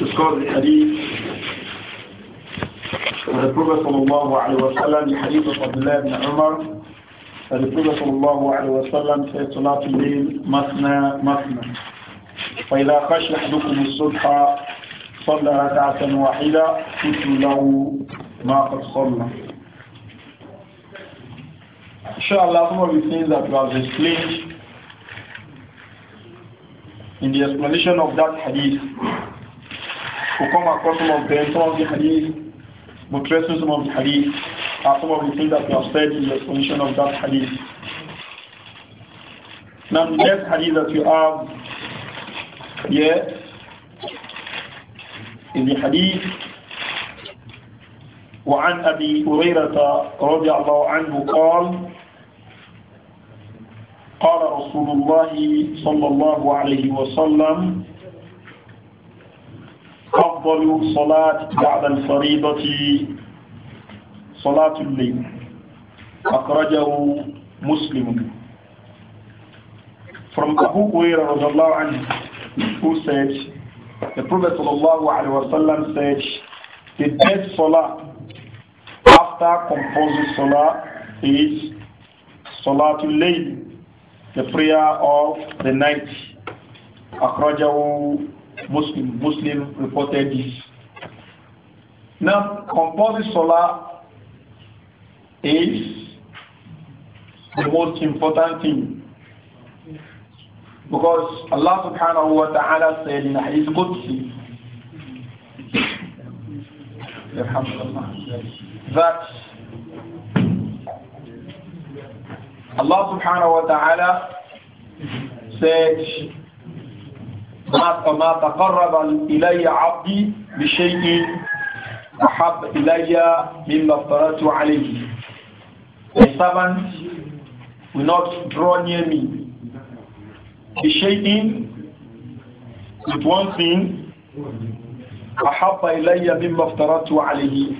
تذكر الحديث الرسول صلى الله عليه وسلم حديث عبد الله بن عمر الرسول صلى الله عليه وسلم في صلاة الليل مثنى مثنى فإذا خشي أحدكم الصبح صلى ركعة واحدة مثل له ما قد صلى Inshallah, some of the things that we have explained in the explanation of that hadith, we come across some of the some of the hadith, we trace some of the hadith, are some of the things that we have said in the explanation of that hadith. Now, the next hadith that we have here is the hadith وعن أبي هريرة رضي الله عنه قال قال رسول الله صلى الله عليه وسلم أفضل صلاة بعد الفريضة صلاة الليل أخرجه مسلم From Abu Hurairah radiallahu anhu who said the Prophet sallallahu alaihi wasallam said the best salah after compulsory salah is salatul layl the prayer of the night. Akhrajahu Muslim, Muslim reported this. Now, composing salah is the most important thing because Allah subhanahu wa ta'ala said in Hadith Qudsi that Allah subhanahu wa ta'ala said, ما تقرب إلي عبدي بشيء أحب إلي مما افترضت عليه. My servant will not draw near me. بشيء with one thing أحب إلي مما افترضت عليه.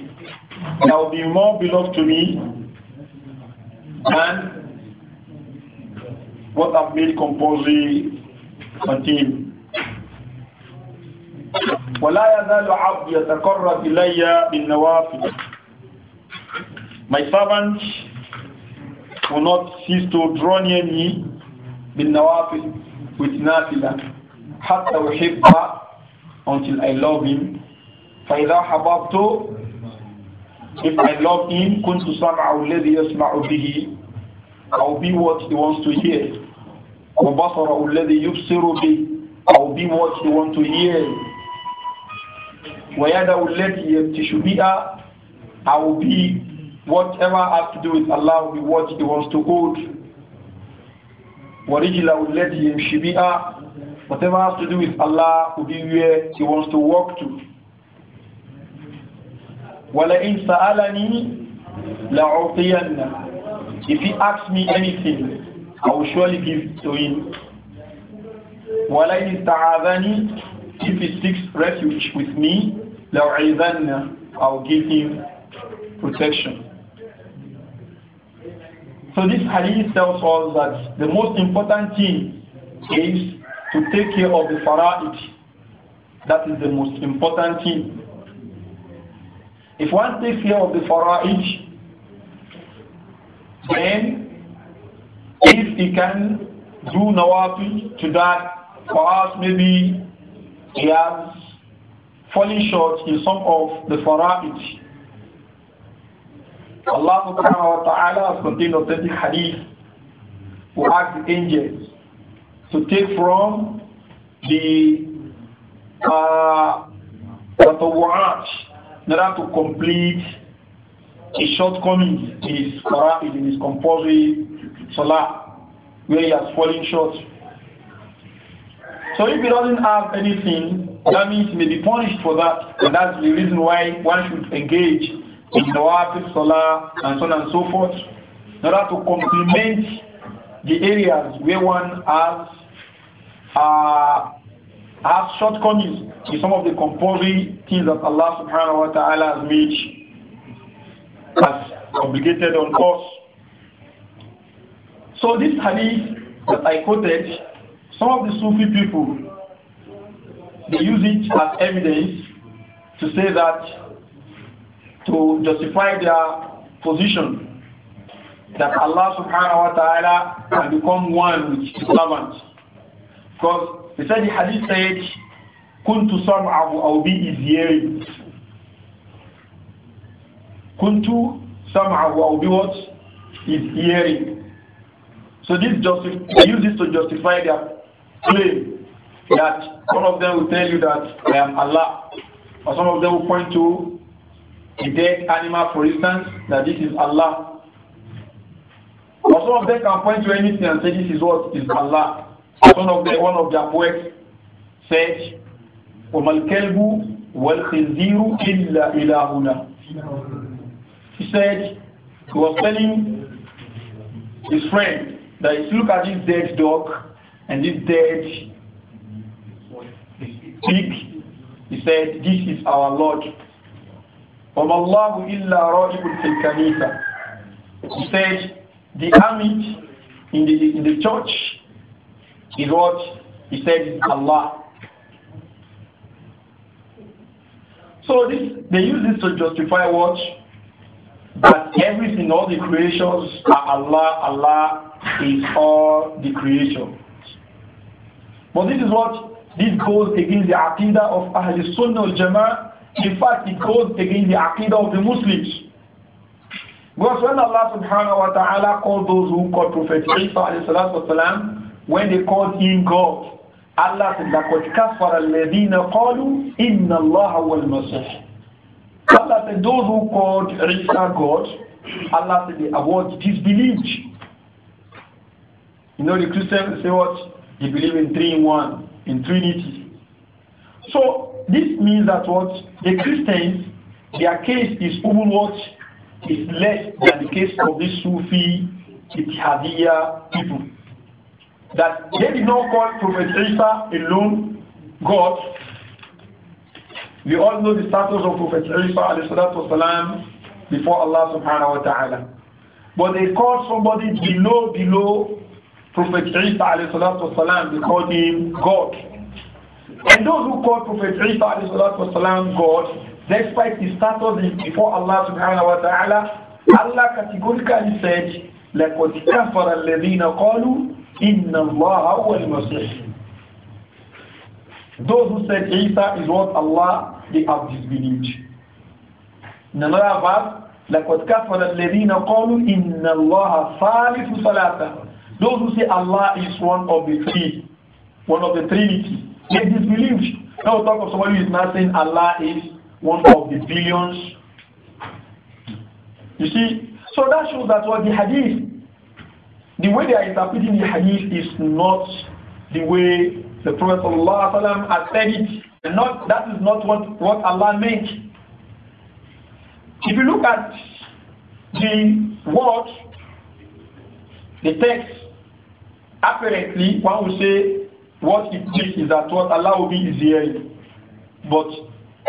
There will be more beloved to me than what have made ولا يزال يتقرب إلي بالنوافل My servant will not cease to draw near me بالنوافل with nafila حتى أحبه until I love him فإذا if I love him كنت سمعه الذي يسمع به I'll be what he wants to hear I الذي يبصر به أو be what you want to hear يبتش بها أو be whatever has to do with Allah will be what he wants to go. يمشي بها whatever has to do with Allah will be where he wants to walk to ولئن سألني if he asks me anything I will surely give to him. وَلَيْنِ اسْتَعَاذَنِي If he seeks refuge with me, لَوْعِذَنَّ I will give him protection. So this hadith tells us that the most important thing is to take care of the fara'id. That is the most important thing. If one takes care of the fara'id, then he can do nawafi to that, For us, maybe he has fallen short in some of the fara'id. Allah subhanahu wa ta'ala has contained authentic hadith who asked the angels to take from the uh, tatawwa'at in order to complete his shortcoming his fara'id, his compulsory salah where he has fallen short. So if he doesn't have anything, that means he may be punished for that. And that's the reason why one should engage in Nawafil solar and so on and so forth. In order to complement the areas where one has uh, shortcomings in some of the compulsory things that Allah subhanahu wa ta'ala has made has obligated on us. So this hadith that I quoted, some of the Sufi people, they use it as evidence to say that, to justify their position that Allah subhanahu wa ta'ala can become one with his servant. Because they said the hadith said, Kuntu sam'ahu aw bi izyerin. Kuntu sam'ahu aw bi what? Izyerin. So this just they use this to justify their claim that one of them will tell you that I am um, Allah, or some of them will point to a dead animal, for instance, that this is Allah. Or some of them can point to anything and say this is what is Allah. One of the one of their poets said, وَمَا الْكَلْبُ وَالْخِنْزِيرُ illa إِلَهُنَا He said, he was telling his friend you look at this dead dog and this dead pig. He said, This is our Lord. وَمَاللَّهُ إِلَّا رَائِبٌ فِي الْكَنِيسَةِ He said, The hermit in the, in the church is what? He said, Allah. So this, they use this to justify what? That everything, all the creations are Allah, Allah, is all the creation. But this is what this goes against the aqidah of Ahl Sunnah Jama'ah. In fact, it goes against the aqidah of the Muslims. Because when Allah subhanahu wa ta'ala called those who called Prophet Isa والسلام, when they called him God, Allah said, لَقَدْ كَفَرَ الَّذِينَ قَالُوا إِنَّ اللَّهَ وَالْمَسِيحِ Allah said, those who called Isa God, Allah said, they avoid disbelief. You know, the Christians say what? They believe in three in one, in Trinity. So this means that what the Christians, their case is even what is less than the case of the Sufi, the Ittihadiyya people. That they did not call Prophet Isa alone God. We all know the status of Prophet Isa والسلام, before Allah subhanahu wa ta'ala. But they called somebody below, below Prophet Isa alayhi والسلام, they called him God. And those who called Prophet Isa alayhi والسلام, God, despite his status before Allah subhanahu wa ta'ala, Allah categorically said, لَقَدْ كَفَرَ الَّذِينَ قَالُوا إِنَّ اللَّهَ هُوَ الْمَسِيحِ Those who said Isa is what Allah, they have disbelieved. In another verse, لَقَدْ كَفَرَ الَّذِينَ قَالُوا إِنَّ اللَّهَ ثَالِثُ صَلَاتَهُ. Those who say Allah is one of the three, one of the Trinity, they disbelieve. Now we talk of somebody who is not saying Allah is one of the billions. You see, so that shows that what the hadith, the way they are interpreting the hadith is not the way the Prophet ﷺ has said it. not, that is not what, what Allah meant. If you look at the word, the text, apparently one will say what he means is that what Allah will be is hearing. But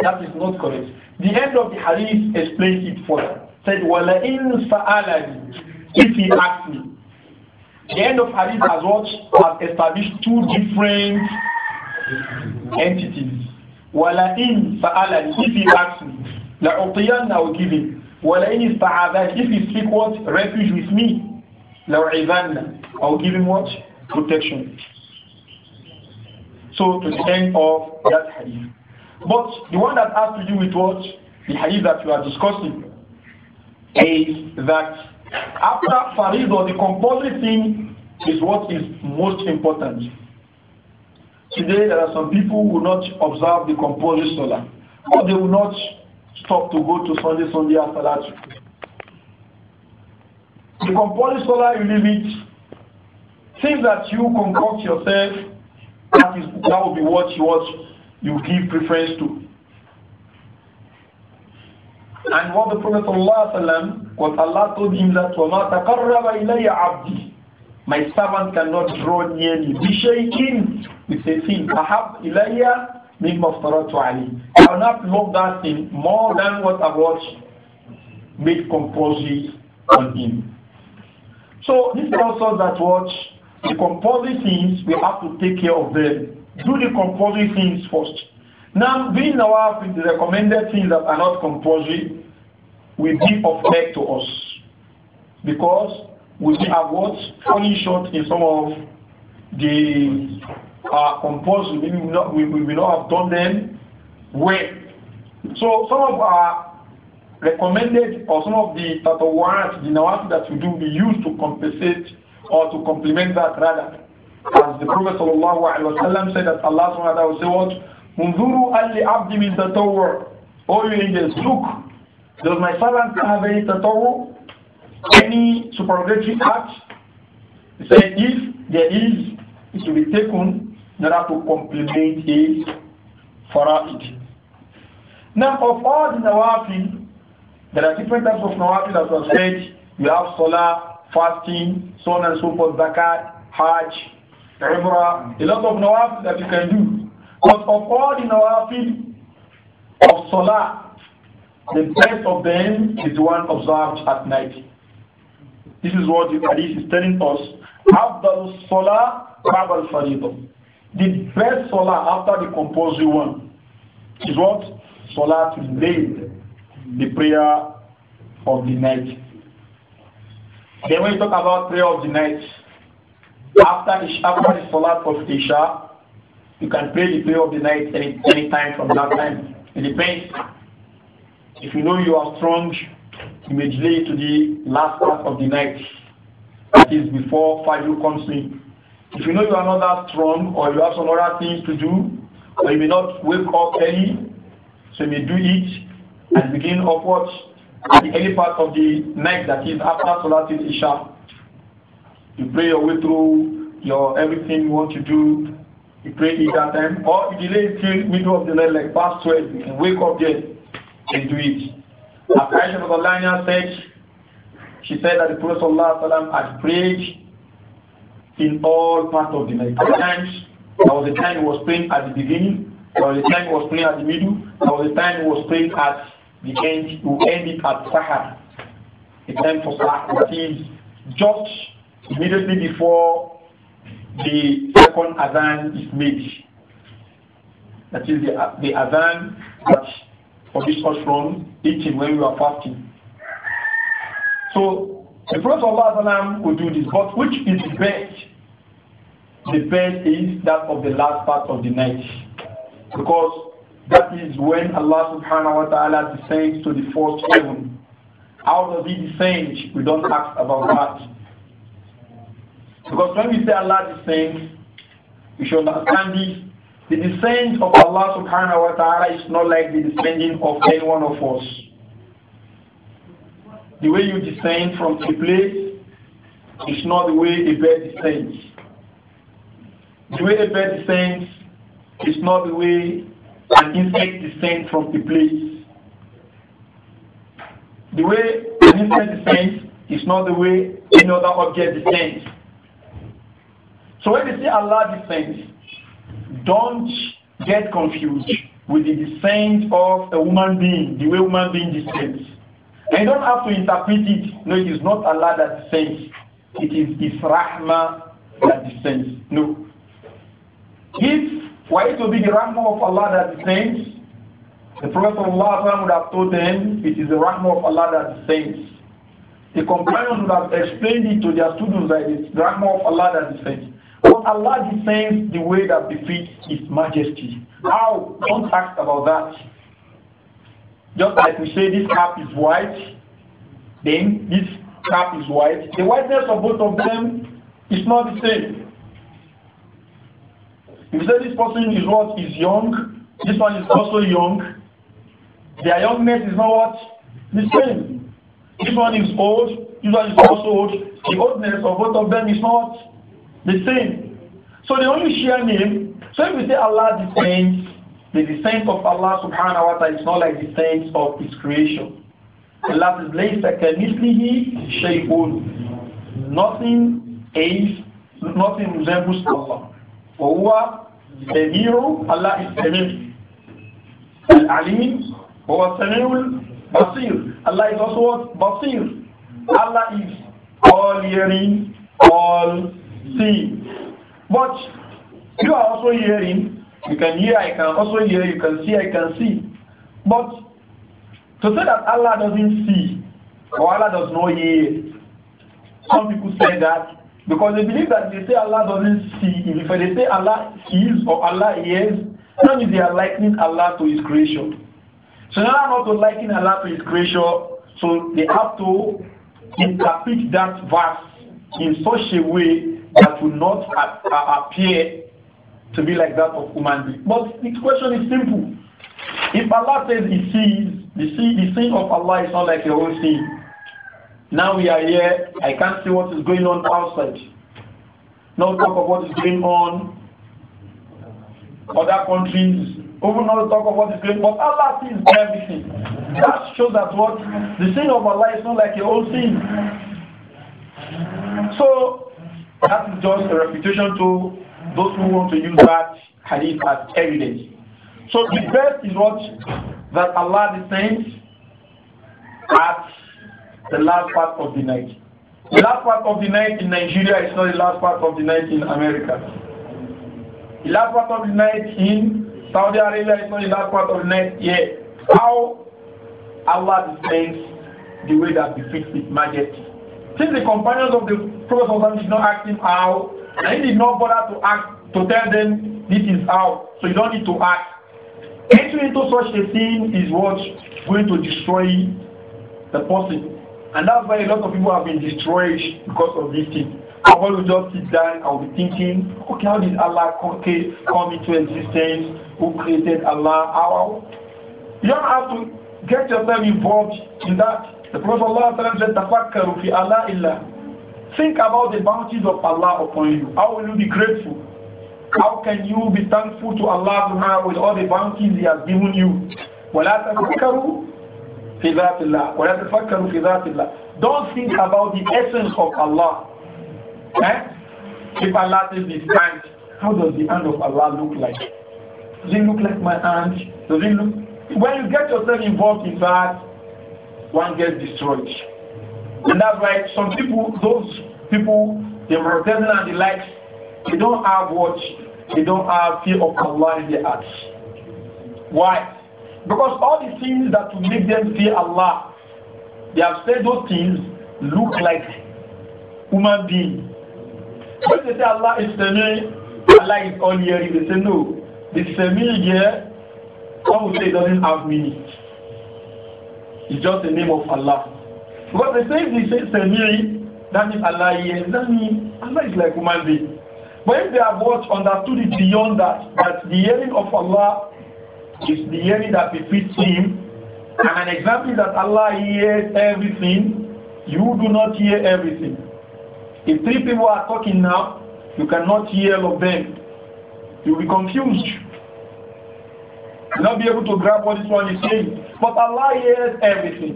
that is not correct. The end of the hadith explains it further. Said, "Wala'in Saalani, If he asks me. The end of hadith has what? Has established two different entities. Wala'in Saalani, If he asks me. opinion I will give him. Wala'in Saalani, If he seek what? Refuge with me. لَوْعِذَنَّ I will give him what? Protection. So to the end of that hadith. But the one that has to do with what? The hadith that we are discussing is that after Farid or the compulsory thing is what is most important. Today there are some people who will not observe the compulsory solar, or they will not stop to go to Sunday, Sunday after that the compulsory scholar you Things that you concoct yourself, that is that will be what you what you give preference to. And what the Prophet Sallallahu ﷺ, what Allah told him that وَمَا تَقَرَّبَ إِلَيَّ abdi." My servant cannot draw near me. بِشَيْءٍ with a thing. أَحَبْ إِلَيَّ مِمَّا افْتَرَضْتُ عَلَيْهِ I will not love that thing more than what I watch. made compulsory on him. So this tells us that what the compulsory things we have to take care of them. Do the compulsory things first. Now, being aware of the recommended things that are not compulsory will be of help to us because we have what falling short in some of the uh, compulsory. Maybe we, not, we, we will not have done them well. So some of our recommended or some of the tatawat, the nawat that you do be used to compensate or to complement that rather. As the Prophet ﷺ said that Allah subhanahu wa ta'ala said what? Munzuru alli abdi min tatawwa. All oh, you angels, look, does my servant have any tatawwa? Any supererogatory act? He said, if there is, it will be taken in order to complement his fara'id. Now, of all the nawafil, there are different types of nawafil as I said. We have salah, fasting, so on and so forth, zakat, hajj, umrah, a lot of nawafil that you can do. But of all the nawafil of salah, the best of them is the one observed at night. This is what the hadith is telling us. Abdul salah, Ba'al faridah. The best salah after the compulsory one is what? Salah to lay the prayer of the night. Then when you talk about prayer of the night, after the, after the Salat of Isha, you can pray the prayer of the night any, any time from that time. It depends. If you know you are strong, you may delay to the last part of the night. That is before Fajr comes in. If you know you are not that strong or you have some other things to do, or you may not wake up early, so you may do it and begin upwards At any part of the night, that is after Salatul Isha. You pray your way through your everything you want to do. You pray either that time. Or you delay till middle of the night, like past 12. You can wake up there and do it. Aisha Aisha Radhalanya said, she said that the Prophet ﷺ had prayed in all parts of the night. At times, there was a time he was praying at the beginning, there was a time he was praying at the middle, there was a time he was praying at the end to end it at Sahar, It time for Sahar, that is just immediately before the second Adhan is made. That is the, the Adhan that forbids us from eating when we are fasting. So the Prophet of Allah will do this, but which is the best? The best is that of the last part of the night. Because that is when Allah subhanahu wa ta'ala descends to the fourth heaven. How does he descend? We don't ask about that. Because when we say Allah descends, we should understand this. The descent of Allah subhanahu wa ta'ala is not like the descending of any one of us. The way you descend from a place is not the way a bird descends. The way a bird descends is not the way an insect descend from the place. The way an insect descends is not the way any other object descends. So when they say Allah descends, don't get confused with the descent of a human being, the way human being descends. And you don't have to interpret it. No, it is not Allah that descends. It is His Rahmah that descends. No. If why it will be the rahmah of Allah that says? the Prophet Allah would have told them it is the rahmah of Allah that says. The companions would have explained it to their students that it's the rahmah of Allah that says. But Allah descends the way that befits His majesty. How? Don't ask about that. Just like we say this cap is white, then this cap is white. The whiteness of both of them is not the same. If you say this person is what is young, this one is also young, their youngness is not what? The same. This one is old, this one is also old. The oldness of both of them is not the same. So they only share name. So if we say Allah descends, the descent of Allah subhanahu wa ta'ala is not like the descent of his creation. Allah is laysa kamithlihi shay'un. Nothing is, nothing resembles Allah. وَهُوَ Demiru, Allah is Demir. Al-Alim, Huwa Sami'ul Basir. Allah is also what? Basir. Allah is all hearing, all seeing. But you are also hearing, you can hear, I can also hear, you can see, I can see. But to say that Allah doesn't see or Allah does not hear, some people say that because they believe that they say Allah doesn't see, if they say Allah sees or Allah hears, that means they are likening Allah to His creation. So I'm not to liken Allah to His creation, so they have to interpret that verse in such a way that will not appear to be like that of human being. But the question is simple. If Allah says He sees, the, seeing of Allah is not like your own seeing. Now we are here, I can't see what is going on outside. No talk of what is going on other countries, will not talk of what is going on, but Allah sees everything. That shows that what the sin of Allah is not like your own sin. So that is just a reputation to those who want to use that hadith as evidence. So the best is what that Allah descends at the last part of the night. The last part of the night in Nigeria is not the last part of the night in America. The last part of the night in Saudi Arabia is not the last part of the night here. How Allah defends the way that befits His majesty. Since the companions of the Prophet did not ask him how, and he did not bother to ask to tell them this is how, so you don't need to ask. Entering into such a thing is what going to destroy the person. And that's why a lot of people have been destroyed because of this thing. I will just sit down and will be thinking, okay, how did Allah okay, come into existence? Who created Allah? How? You don't have to get yourself involved in that. The Prophet Allah said, Tafakkaru fi Allah illa. Think about the bounties of Allah upon you. How will you be grateful? How can you be thankful to Allah with all the bounties He has given you? في ذات الله ولا تفكروا في ذات الله don't think about the essence of Allah eh? if Allah is this hand how does the hand of Allah look like does it look like my hand does it look when you get yourself involved in that one gets destroyed and that's why some people those people the Mu'tazila and the likes they don't have what they don't have fear of Allah in their hearts why because all the things that will make them fear Allah, they have said those things look like human beings. When they say Allah is Semi, Allah is all hearing, they say no. The Semi here, some will say it doesn't have meaning. It's just the name of Allah. Because they say if they say Semi, that means Allah here, that means Allah is like human being. But if they have what understood it beyond that, that the hearing of Allah is the hearing that befits him. And an example is that Allah hears everything, you do not hear everything. If three people are talking now, you cannot hear all of them. You'll be confused. You'll not be able to grab what this one is saying. But Allah hears everything.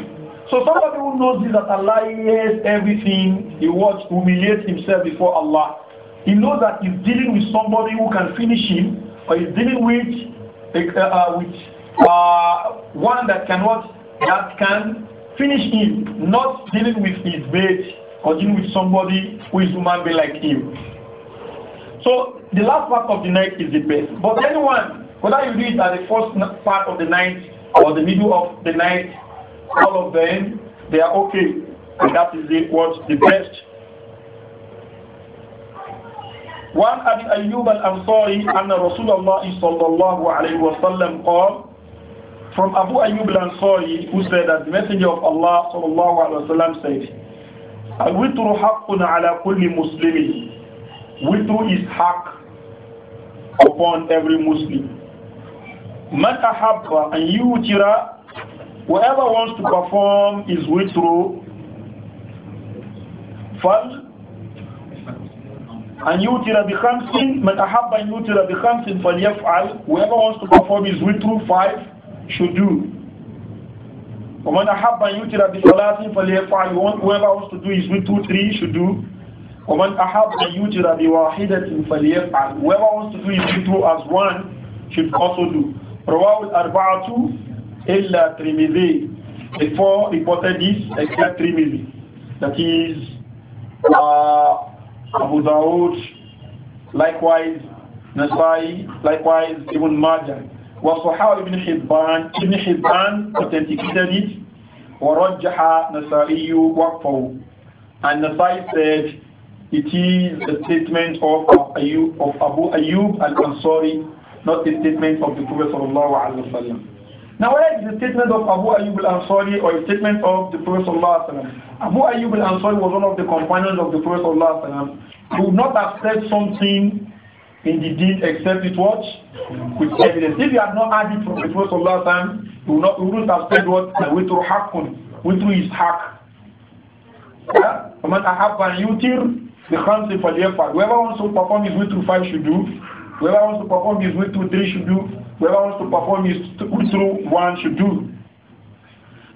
So somebody who knows this that Allah hears everything, he wants to humiliate himself before Allah. He knows that he's dealing with somebody who can finish him, or he's dealing with uh, uh, uh, one that cannot that can finish him, not dealing with his bed or dealing with somebody who is human being like him. So the last part of the night is the best. But anyone, whether you do it at the first part of the night or the middle of the night, all of them, they are okay. And that is the, what the best وعن أبي أيوب الأنصاري أن رسول الله صلى الله عليه وسلم قال From Abu Ayyub al-Ansari who said that the messenger of Allah صلى الله عليه وسلم said الوتر حق على كل مسلم Witr is haq upon every Muslim من أحب أن يوتر Whoever wants to perform his witr فَلْ and you an yutira bi khamsin man ahabba an yutira for khamsin falyaf'al whoever wants to perform his witr five should do When I wa man ahabba an yutira for salatin falyaf'al whoever wants to do his witr three should do When I you wa man ahabba an yutira bi wahidatin falyaf'al whoever wants to do his witr as one should also do rawahu al-arba'atu el trimizi the four reported this except trimizi that is uh, Abu Dawud, likewise Nasai, likewise Ibn Majah. how ibn حبان Ibn حبان authenticated it you work for, and Nasai said it is a statement of, of, of Abu Ayyub al-Ansari not a statement of the Prophet sallallahu alaihi wasallam now whether it's a statement of Abu Ayyub al-Ansari or a statement of the Prophet Abu Ayyub al-Ansari was one of the companions of the Prophet who would not have said something in the deed except it was with evidence. If you had not had it from the Prophet you would, not, you would have said what Witru Hakun, Witru is Hak. Yeah? Whoever wants to perform his Witru 5 should do Whoever wants to perform his week two, three should do. Whoever wants to perform his week through one should do.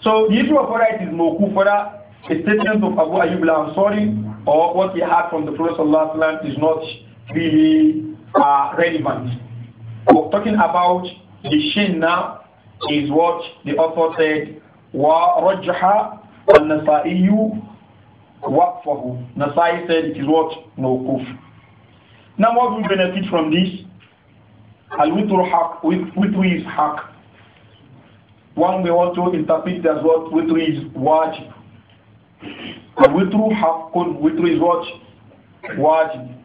So the issue of whether is Moku, that. a statement of Abu Ayyub am sorry, or what he had from the Prophet ﷺ is not really uh, relevant. We're talking about the shin now is what the author said, وَرَجَّحَ النَّسَائِيُّ وَقْفَهُ Nasai said it is what? No kuf. Now, what will benefit from this? Al-witru haq, witru is haq. One may want to interpret as what witru is wajib. Al-witru haqqun, witru is what? Wajib.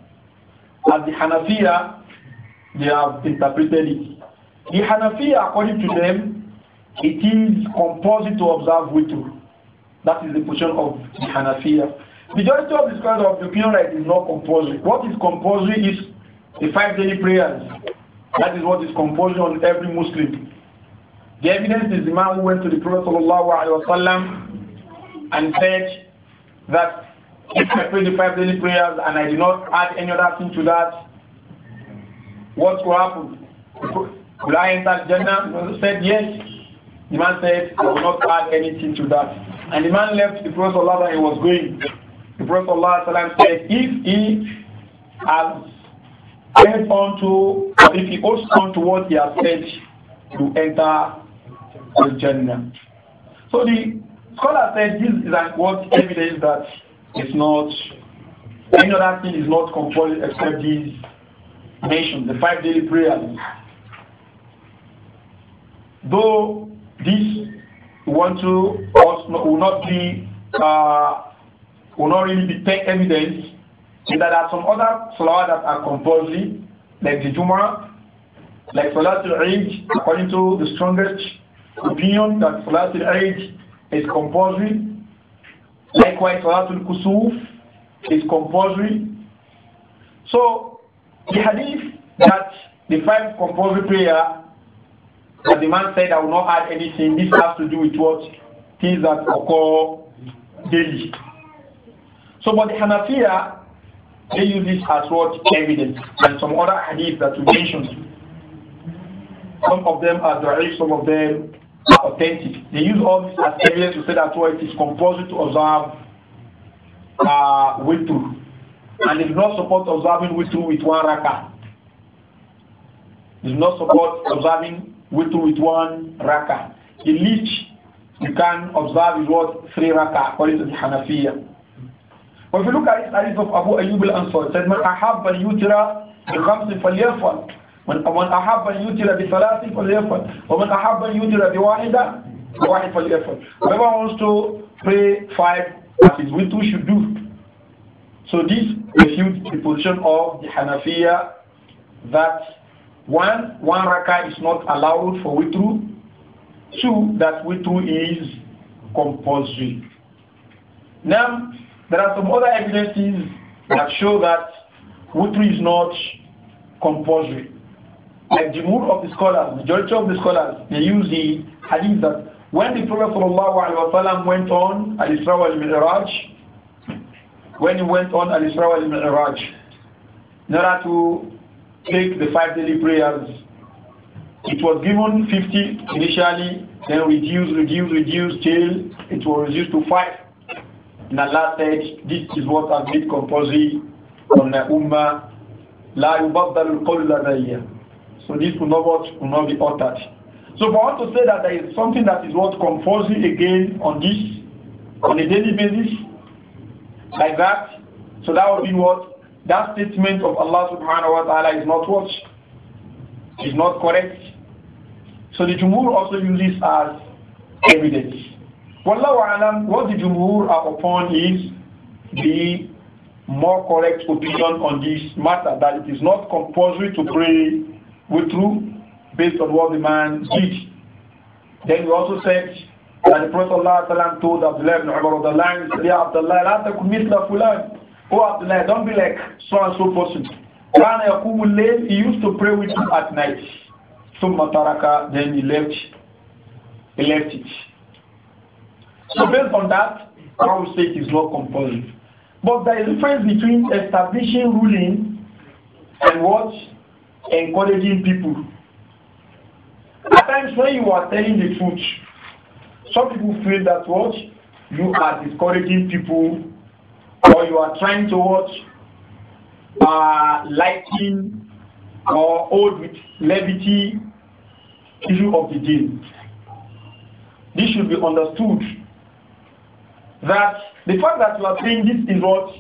As the Hanafiya, they have interpreted it. The Hanafiya, according to them, it is compulsory to observe witru. That is the position of the Hanafiya. Majority of this kind of the opinion is not compulsory. What is compulsory is the five daily prayers. That is what is compulsory on every Muslim. The evidence is the man who went to the Prophet wasallam and said that if I pray the five daily prayers and I do not add any other thing to that, what will happen? Will I enter Jannah? He said yes. The man said, I will not add anything to that. And the man left the Prophet and he was going. Prophet Allah said, if he has held on to, or if he holds on to what he has said, to enter the Jannah. So the scholar said this is like what evidence that it's not, any other thing is not compulsory except these mentioned, the five daily prayers. Though this want to also will not be uh, will not really detect evidence that there are some other salawat that are compulsory, like the Jumara, like Salatul Eid, according to the strongest opinion that Salatul Eid is compulsory. Likewise, Salatul Kusuf is compulsory. So, the hadith that the five compulsory prayer that the man said I will not add anything, this has to do with what? Things that occur daily. So, but the Hanafiya, they use this as what evidence and some other hadith that we mentioned. Some of them are direct, some of them are authentic. They use all this as evidence to say that what is it is compulsory to observe uh, And it does not support observing witru with one raka. It does not support observing witru with one raka. The least you can observe is what? Three raka, according to the Hanafiya. But if you look at this hadith of Abu Ayyub al-Ansari, said, من أحب أن يترى بخمس فليفعل من من أحب أن يترى بثلاث فليفعل ومن أحب أن يترى بواحدة بواحد فليفعل. Whoever wants to pray five as his winter should do. So this refutes the position of the Hanafiya that one, one raka is not allowed for witru. Two, that witru is compulsory. Now, there are some other evidences that show that wutri is not compulsory. Like the mood of the scholars, the majority of the scholars, they use the hadith that when the Prophet ﷺ went on Al Isra al Mi'raj, when he went on Al Isra al Mi'raj, in order to take the five daily prayers, it was given 50 initially, then reduced, reduced, reduced till it was reduced to five. And Allah said, this is what i am composing compulsory on the Ummah. La yubaddal al So this will not, what, will not be uttered. So for us to say that there is something that is what composing again on this, on a daily basis, like that, so that would be what? That statement of Allah subhanahu wa ta'ala is not what? Is not correct. So the Jumhur also uses as evidence. Wallahu alam, what the Jumhur are upon is the more correct opinion on this matter that it is not compulsory to pray with through based on what the man did. Then we also said that the Prophet ﷺ told Abdullah ibn Umar of the line, Ya Abdullah, la takun mithla fulan. Oh Abdullah, don't be like so and so person. Kana yakumu he used to pray with him at night. Summa taraka, then he left, he left it. So based on that, I would say it is not compulsory. But there is a difference between establishing ruling and what? Encouraging people. At times when you are telling the truth, some people feel that what? You are discouraging people or you are trying to what? Uh, lighten or hold with levity issue of the day. This should be understood that the fact that you are saying this is what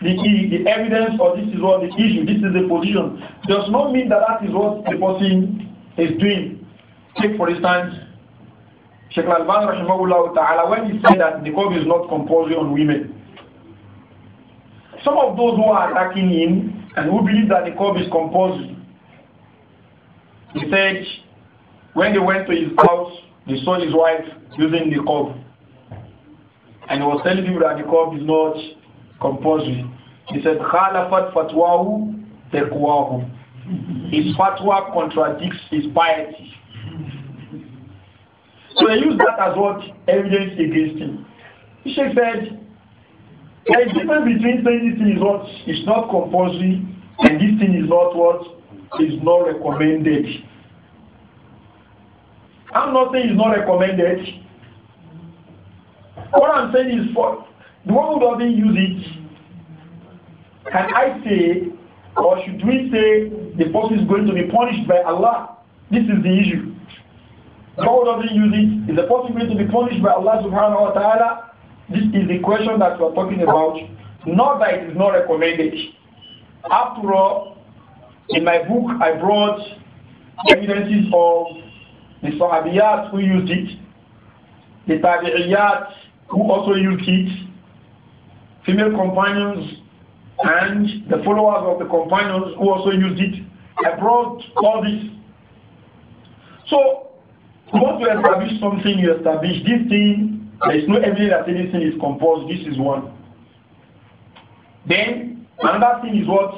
the, the evidence or this is what the issue, this is the position, does not mean that that is what the person is doing. Take for instance, Sheikh Al-Ban Ta'ala, when he said that the niqab is not compulsory on women, some of those who are attacking him and who believe that the niqab is compulsory, he said when they went to his house, they saw his wife using the niqab. And he was telling people that the cup is not compulsory. He said, Khalafat fatwahu taqwahu. His fatwa contradicts his piety. So they use that as what evidence against him. She said, there is difference between saying this thing is what is not compulsory and this thing is not what is not recommended. I'm not saying it's not recommended. What I'm saying is for the one who doesn't use it, can I say, or should we say the person is going to be punished by Allah? This is the issue. The one who doesn't use it, is the person going to be punished by Allah subhanahu wa ta'ala? This is the question that we're talking about. Not that it is not recommended. After all, in my book I brought evidences of the Sahabiyat who used it, the Tabi'iyat who also used it, female companions and the followers of the companions who also used it. I brought all this. So, you we establish something, you establish this thing. There is no evidence that anything is composed. This is one. Then, another thing is what?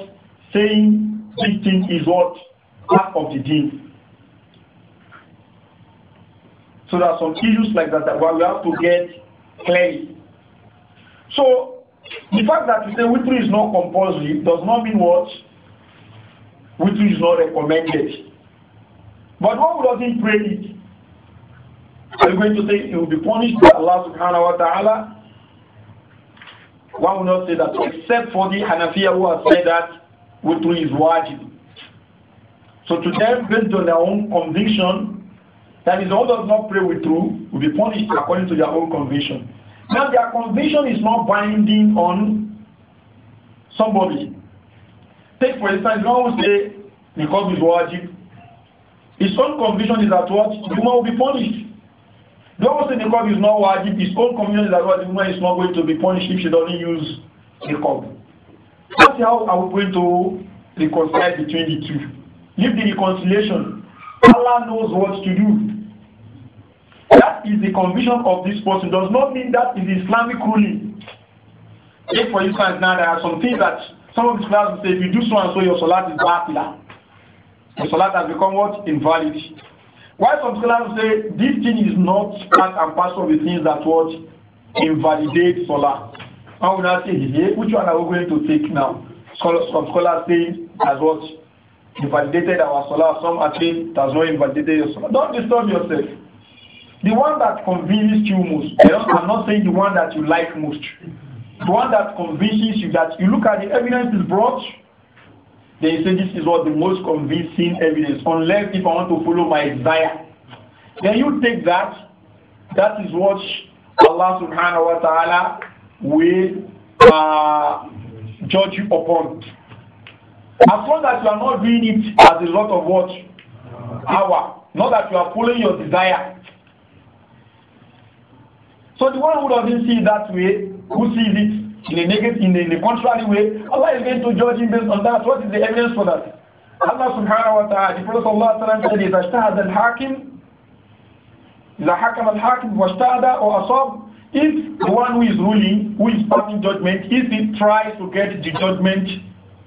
Saying this thing is what? Part of the deal. So there are some issues like that, that we have to get clearly. So the fact that you say witri is not compulsory does not mean what witri is not recommended. But one who doesn't pray it, are you going to say he will be punished by Allah subhanahu wa ta'ala? One would not say that except for the Hanafiya who has said that witri is wajib. So to them, based on their own conviction, that is, all does not pray with truth will be punished according to their own conviction. Now, their conviction is not binding on somebody. Take, for instance, one will say, because it's wajib. His own conviction is that what? The woman will be punished. The one will say, because it's not wajib. His own conviction is that what? The woman is not going to be punished if she doesn't use the cup. That's how I will going to reconcile between the two. Leave the reconciliation Allah knows what to do. That is the conviction of this person. Does not mean that in Islamic ruling. If, for instance, now there are some things that some of the scholars say, if you do so and so, your salat is batila. Your salat has become what? Invalid. Why some scholars say this thing is not part and parcel of the things that what? Invalidate salat. I will not say, eh, which one are we going to take now? Some scholars say as what? invalidated our salah, some are saying it has not invalidated your salah. Don't disturb yourself. The one that convinces you most, I'm not saying the one that you like most, the one that convinces you that you look at the evidence is brought, then you say this is what the most convincing evidence, unless if I want to follow my desire. Then you take that, that is what Allah subhanahu wa ta'ala will uh, judge you upon. As long as you are not doing it as a lot of what hour, not that you are pulling your desire. So the one who doesn't see it that way, who sees it in a negative, in a, in a contrary way, Allah is going to judge him based on that. What is the evidence for that? Allah subhanahu wa ta'ala, the Prophet Allah said, إذا اجتهد الحاكم إذا al hakim واجتهد or asab." if the one who is ruling, who is passing judgment, if he tries to get the judgment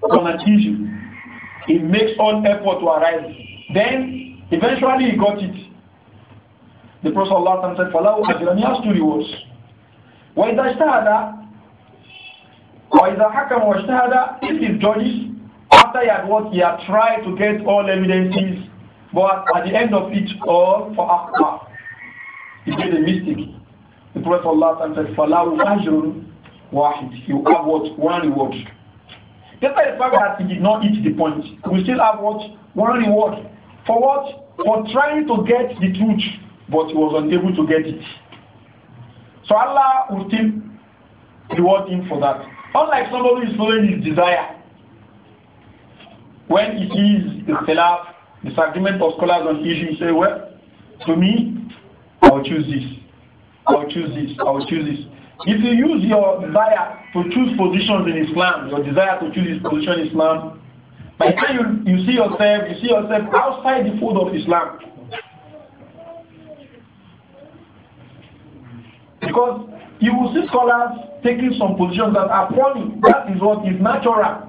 from an he makes all effort to arrive. Then eventually he got it. The Prophet Allah said, Falahu ajran, he has two rewards. وَإِذَا اجْتَهَدَ Hakam حَكَمَ وَاجْتَهَدَ If he judges, after he had what he had tried to get all evidences, but at the end of it all, for أَخْطَى He made a mistake. The Prophet Allah said, فَلَهُ أَجْرٌ وَاحِدٌ You have what? One reward. Despite the fact that he did not hit the point, we still have what? One reward. For what? For trying to get the truth, but he was unable to get it. So Allah will still reward him for that. Unlike somebody who is following his desire. When he sees the disagreement of scholars on issue, he say, well, to me, I'll choose this. I'll choose this. I'll choose this. If you use your desire to choose positions in Islam, your desire to choose this position in Islam, by the time you, you see yourself, you see yourself outside the fold of Islam. Because you will see scholars taking some positions that are funny. That is what is natural.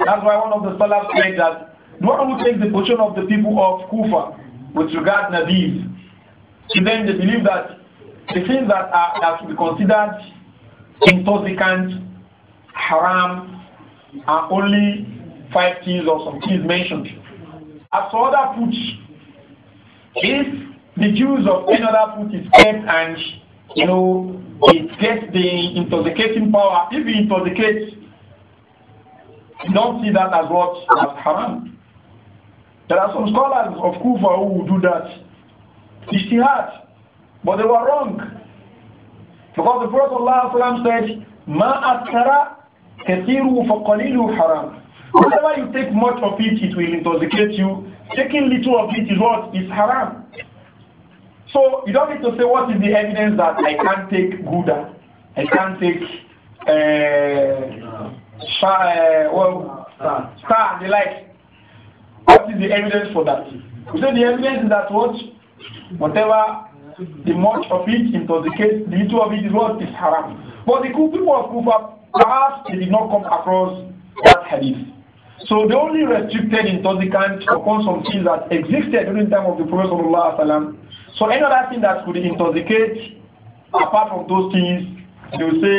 That's why one of the scholars said that the one who takes the position of the people of Kufa with regard to Nadiv, then they believe that the things that are that should be considered intoxicant, haram, are only five keys or some keys mentioned. As for other foods, if the juice of another food is kept and you know it gets the intoxicating power, if it intoxicates, you don't see that as what as haram. There are some scholars of Kufa who do that. Ishtihad. But they were wrong. Because the Prophet ﷺ said, Ma atara kathiru faqalilu haram. Whenever you take much of it, it will intoxicate you. Taking little of it is what? Is haram. So you don't need to say what is the evidence that I can't take guda, I can't take uh, sha, uh, well, star the like. What is the evidence for that? You say the evidence is that what? Whatever the much of it intoxicates, the little of it is what is haram. But the people of Kufa, perhaps they did not come across that hadith. So the only restricted intoxicant upon some things that existed during the time of the Prophet Sallallahu So any other thing that could intoxicate, apart from those things, they will say,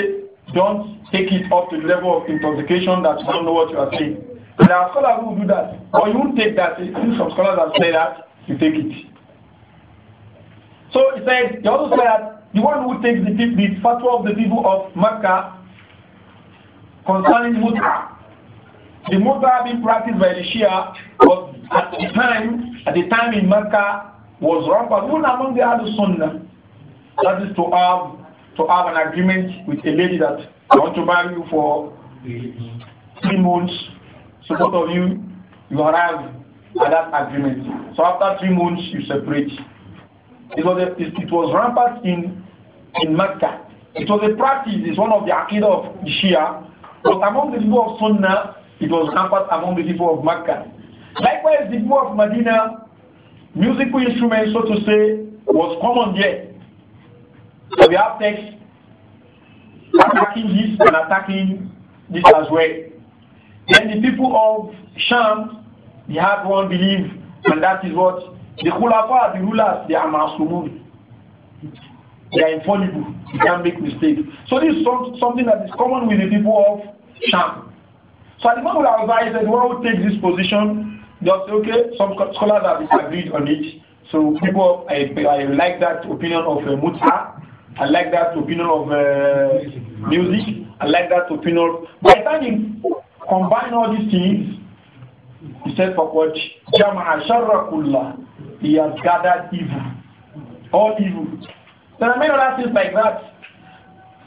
don't take it up to the level of intoxication that you don't know what you are saying. And there are scholars who do that. Or you won't take that. Since some scholars have said that, you take it. So he says, he also said the one who takes the, the fatwa of the people of Mecca concerning Muta, the Muta being practiced by the Shia was at the time, at the time in Mecca was rampant, even among the other Sunnah. That is to have to have an agreement with a lady that I want to marry you for three months. So both of you, you arrive at that agreement. So after three months, you separate. It was, a, it, it was rampant in, in Mecca. It was a practice, it's one of the Aqidah of Shia. But among the people of Sunnah, it was rampant among the people of Mecca. Likewise, the people of Medina, musical instruments, so to say, was common there. So we have texts attacking this and attacking this as well. Then the people of Sham, they had one belief, and that is what the khulafa, the rulers, they are masumun. They are infallible. They can't make mistakes. So this is some, something that is common with the people of Sham. So the Imam al-Azhar said, one who takes this position, just okay, some scholars have disagreed on it. So people, I, I like that opinion of uh, Mutsa. I like that opinion of uh, music. I like that opinion. By the time combine all these things, he said, for what? Jama'a sharra kullah he has gathered evil. All evil. There are many other things like that.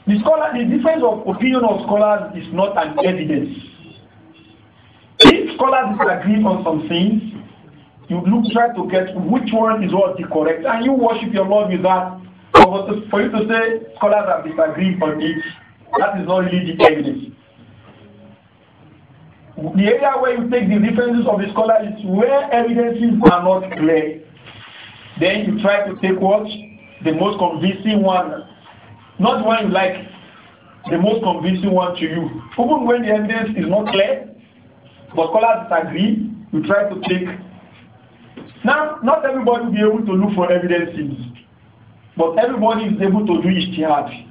The, scholar, the difference of opinion of scholars is not an evidence. If scholars disagree on some things, you look try to get which one is what the correct, and you worship your Lord with that. For, you to say scholars have disagreed on it, that is not really the evidence the area where you take the differences of the scholar is where evidences are not clear. Then you try to take what? The most convincing one. Not one you like, the most convincing one to you. Even when the evidence is not clear, but scholars disagree, you try to take. Now, not everybody will be able to look for evidences, but everybody is able to do ijtihad.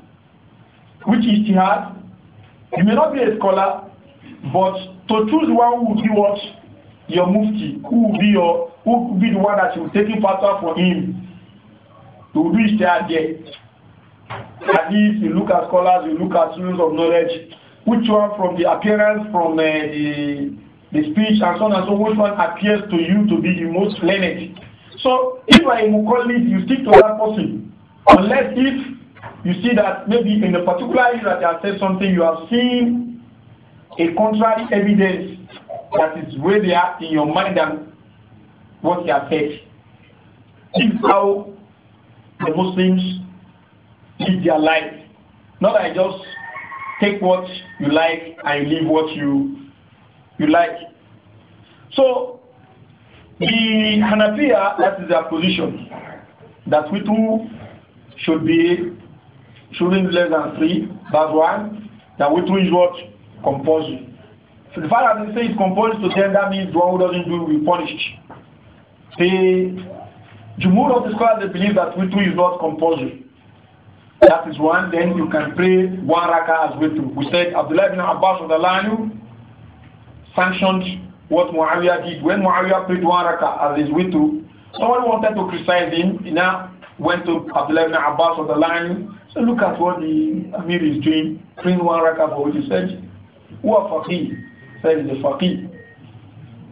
Which ijtihad? You may not be a scholar, but to choose one who will be what your mufti, who will be your who will be the one that you will take fatwa for him. To reach their there. At least you look at scholars, you look at tools of knowledge, which one from the appearance, from uh, the the speech and so on and so which one appears to you to be the most learned. So if I am calling you stick to that person. Unless if you see that maybe in a particular area that they have said something you have seen a contrary evidence that is way in your mind than what you have said. This is how the Muslims live their life. Not that I just take what you like and leave what you you like. So the Hanafiya, that is their position, that we two should be should be less than three. That's one. That we two is what compulsory. So the fact that they say it's compulsory to them, that means one who doesn't do will be punished. The Jumur of the scholars they believe that witu is not compulsory. That is one. Then you can pray one raka as witu. We said Abdullah ibn Abbas of the Lanu sanctioned what Muawiyah did. When Muawiyah prayed one raka as his witu. someone wanted to criticize him. He now went to Abdullah ibn Abbas of the Lanu. So look at what the Amir is doing, praying one raka for what he said. Huwa faqih. Says the faqih.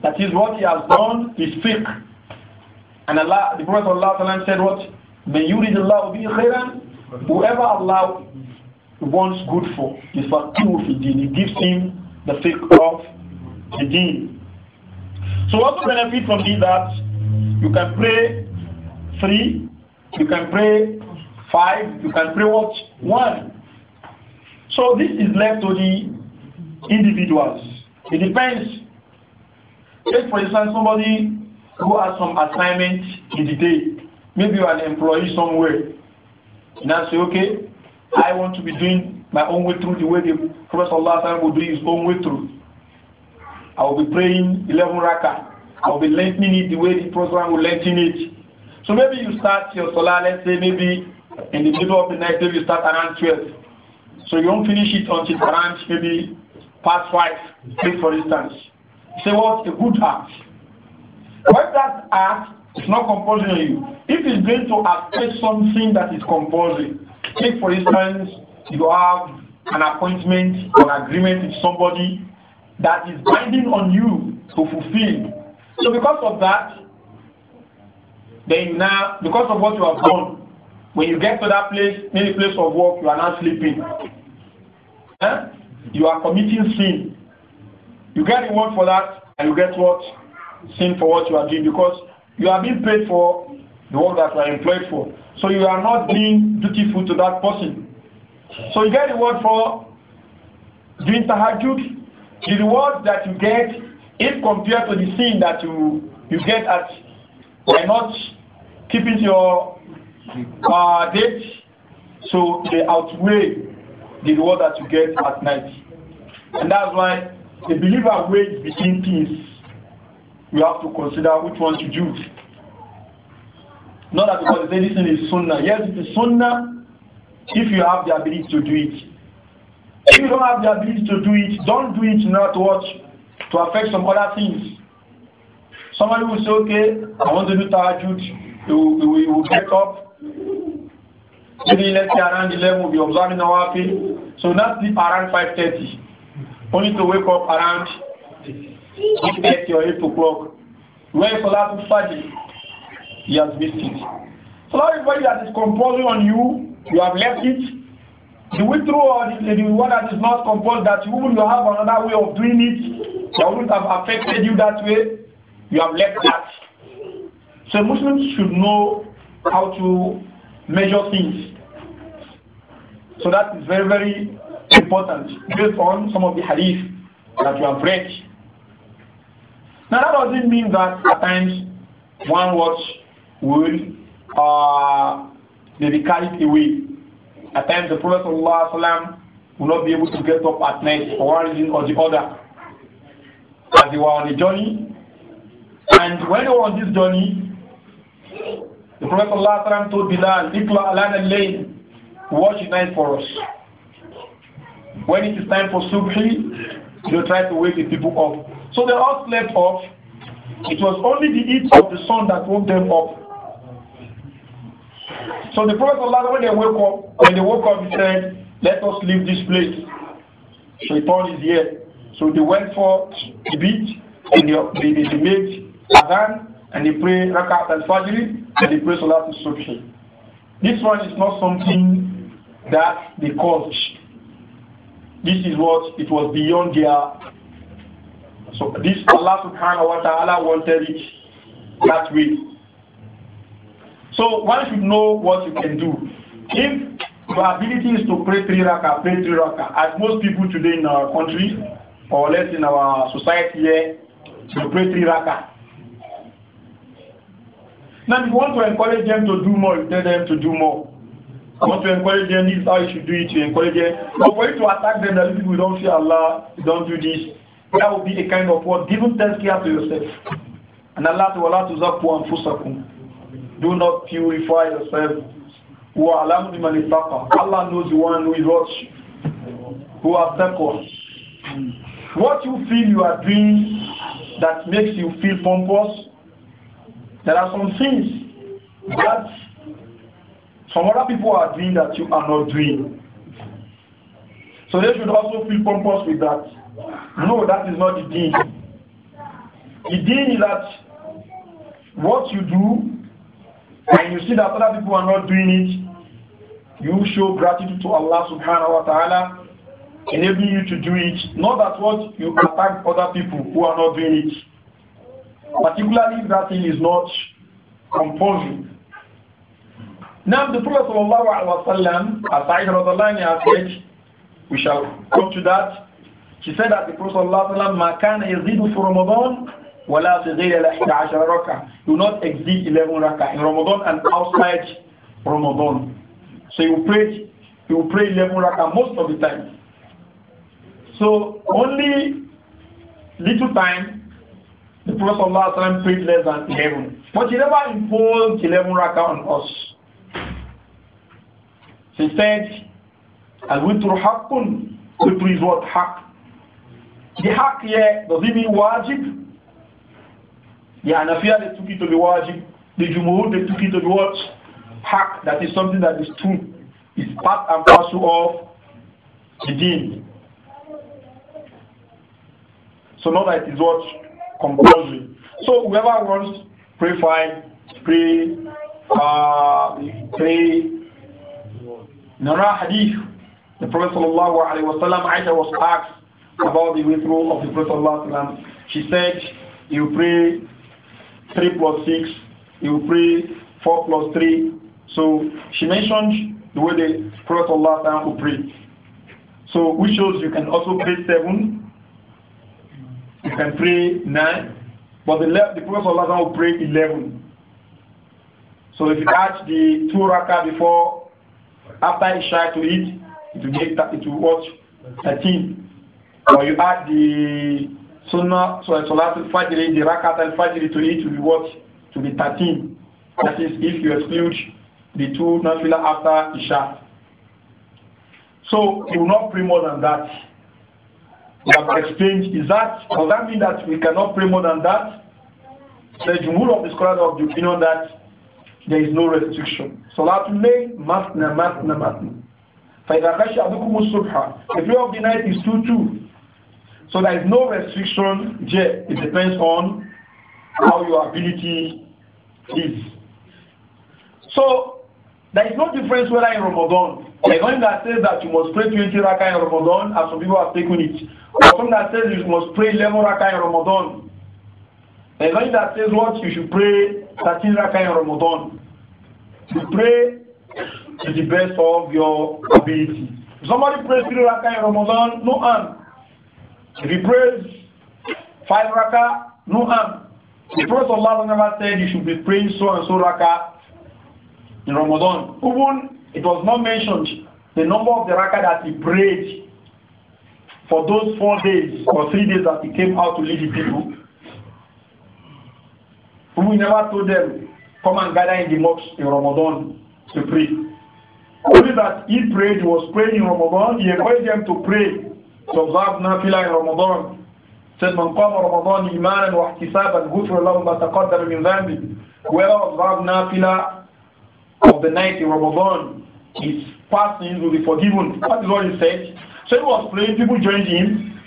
That is what he has done is fiqh. And Allah, the Prophet Allah said what? May you read Allah be khairan. Whoever Allah wants good for is faqihu fi deen. He gives him the fiqh of the deen. So what to benefit from this that you can pray three, you can pray five, you can pray what? One. So this is left to the individuals. It depends. Take for instance somebody who has some assignment in the day. Maybe you are an employee somewhere. And I say, okay, I want to be doing my own way through the way the Prophet will do his own way through. I will be praying 11 rakah. I will be lengthening it the way the program will lengthen it. So maybe you start your salah, let's say maybe in the middle of the night, maybe you start around 12. So you don't finish it until around maybe Part 5, take for instance. Say what? A good act. When that act is not composing you, if it's going to affect something that is composing. take for instance, you have an appointment or an agreement with somebody that is binding on you to fulfill. So because of that, then now, because of what you have done, when you get to that place, any place of work, you are not sleeping. Huh? you are committing sin. You get reward for that, and you get what? Sin for what you are doing because you are being paid for the work that you are employed for. So you are not being dutiful to that person. So you get reward for doing tahajjud. The reward that you get, if compared to the sin that you, you get at by not keeping your uh, date, so they outweigh the reward that you get at night. And that's why a believer weighs between things. You have to consider which one to do. Not that because they is sunnah. Yes, it is sunnah if you have the ability to do it. If you don't have the ability to do it, don't do it not to to affect some other things. Somebody will say, okay, I want to do tahajjud. He will, he will get up, Maybe let's say around 11 we'll be observing our pay. So not sleep around 5.30. Only to wake up around 8.30 or 8 o'clock. Where Salat al-Fajr, he has missed it. So al-Fajr that is composing on you, you have left it. The withdrawal or the, the one that is not composed that you will have another way of doing it that wouldn't have affected you that way, you have left that. So Muslims should know how to major things. So that is very, very important based on some of the hadith that you have read. Now that doesn't mean that at times one watch will uh, may be carried away. At times the Prophet ﷺ will not be able to get up at night for one reason or the other. As they were on a journey. And when they were on this journey, the Prophet ﷺ told Bilal, Nikla Alan al watch night for us. When it is time for Subhi, you try to wake the people up. So they all slept off. It was only the heat of the sun that woke them up. So the Prophet Allah, when they woke up, when they woke up, he said, Let us leave this place. Shaitan is here. So they went for the beach and they, they, they made and they pray Rakat al-Fajr and they pray Salat al-Subhi. This one is not something that they caused. This is what it was beyond their. So this Allah subhanahu wa ta'ala wanted it that way. So one should know what you can do. If your ability is to pray three rakah, pray three rakah. As most people today in our country, or less in our society here, to pray three rakah. Now, if you want to encourage them to do more, you tell them to do more. You want to encourage them, this is how you should do it, To encourage them. But for you to attack them, that people don't fear Allah, don't do this, that would be a kind of what? Give Giving care to yourself. And Allah to Allah to zaku and fusakum. Do not purify yourself. Allah knows the one who is what? Who are taqwa. What you feel you are doing that makes you feel pompous, there are some things that some other people are doing that you are not doing. So they should also feel pompous with that. No, that is not the deal. The deal is that what you do and you see that other people are not doing it, you show gratitude to Allah subhanahu wa ta'ala enabling you to do it. Not that what you attack other people who are not doing it particularly if that thing is not compulsory. Now the Prophet ﷺ, as Sa'id Radhalani has said, we shall come to that, she said that the Prophet ﷺ, مَا كَانَ يَزِيدُ Ramadan رَمَضَانِ وَلَا تَزِيدَ لَحْدَ عَشَرَ رَكَى Do not exceed 11 rakah in Ramadan and outside Ramadan. So you pray, you pray 11 rakah most of the time. So only little time the Prophet Allah prayed less than 11. But he never imposed 11 rakah on us. He said, Al-witru haqqun. Witru is what? Haqq. The Hak here, does it mean wajib? The Hanafiya, they took it to be wajib. The Jumu'ud, they took it to be what? Hak That is something that is true. It's part and parcel of the deen. So now that it is what? compulsory. So whoever wants pray five, pray uh, pray Nara Hadith. The Prophet sallallahu alaihi wasallam Aisha was asked about the withdrawal of the Prophet sallallahu alaihi wasallam. She said, "You pray three plus six, you pray four plus three. So she mentioned the way the Prophet sallallahu alaihi wasallam would pray. So which shows you can also pray seven you can pray nine, but the, the Prophet of Allah will pray eleven. So if you add the two rakah before, after Isha to eat, it will make it will watch thirteen. Or you add the sunnah, so salat al-fajr, the rakat al-fajr to it will be what? To be thirteen. That is if you exclude the two nafila after Isha. So you will not pray more than that we is that, does that mean that we cannot pray more than that? The Jumhur of the scholars of the opinion that there is no restriction. So that means Masna, Masna. فَإِذَا خَشَ أَحَدُكُمُ الصُّبْحَ The prayer of the night is 2-2. So there is no restriction there. It depends on how your ability is. So There is no difference whether in Ramadan, the one that says that you must pray 20 rakah in Ramadan, as some people have taken it, or some that says you must pray 11 rakah in Ramadan, the one that says what you should pray 13 rakah in Ramadan. To pray to the best of your ability. If somebody prays 3 rakah in Ramadan, no harm. If he prays 5 rakah, no harm. The Prophet Allah never said you should be praying so and so rakah in Ramadan. Even it was not mentioned the number of the rakah that he prayed for those four days or three days that he came out to lead the people. We never told them, come and gather in the mosque in Ramadan to pray. Only that he prayed, he was praying in Ramadan, he encouraged them to pray, to observe Nafila in Ramadan. Said, من Ramadan, رمضان إيمانا واحتسابا غفر له ما تقدم من ذنبه. Whoever observed Nafila of the night in Ramadan, his past sins will be forgiven. That is what he said. So he was praying, people joined him.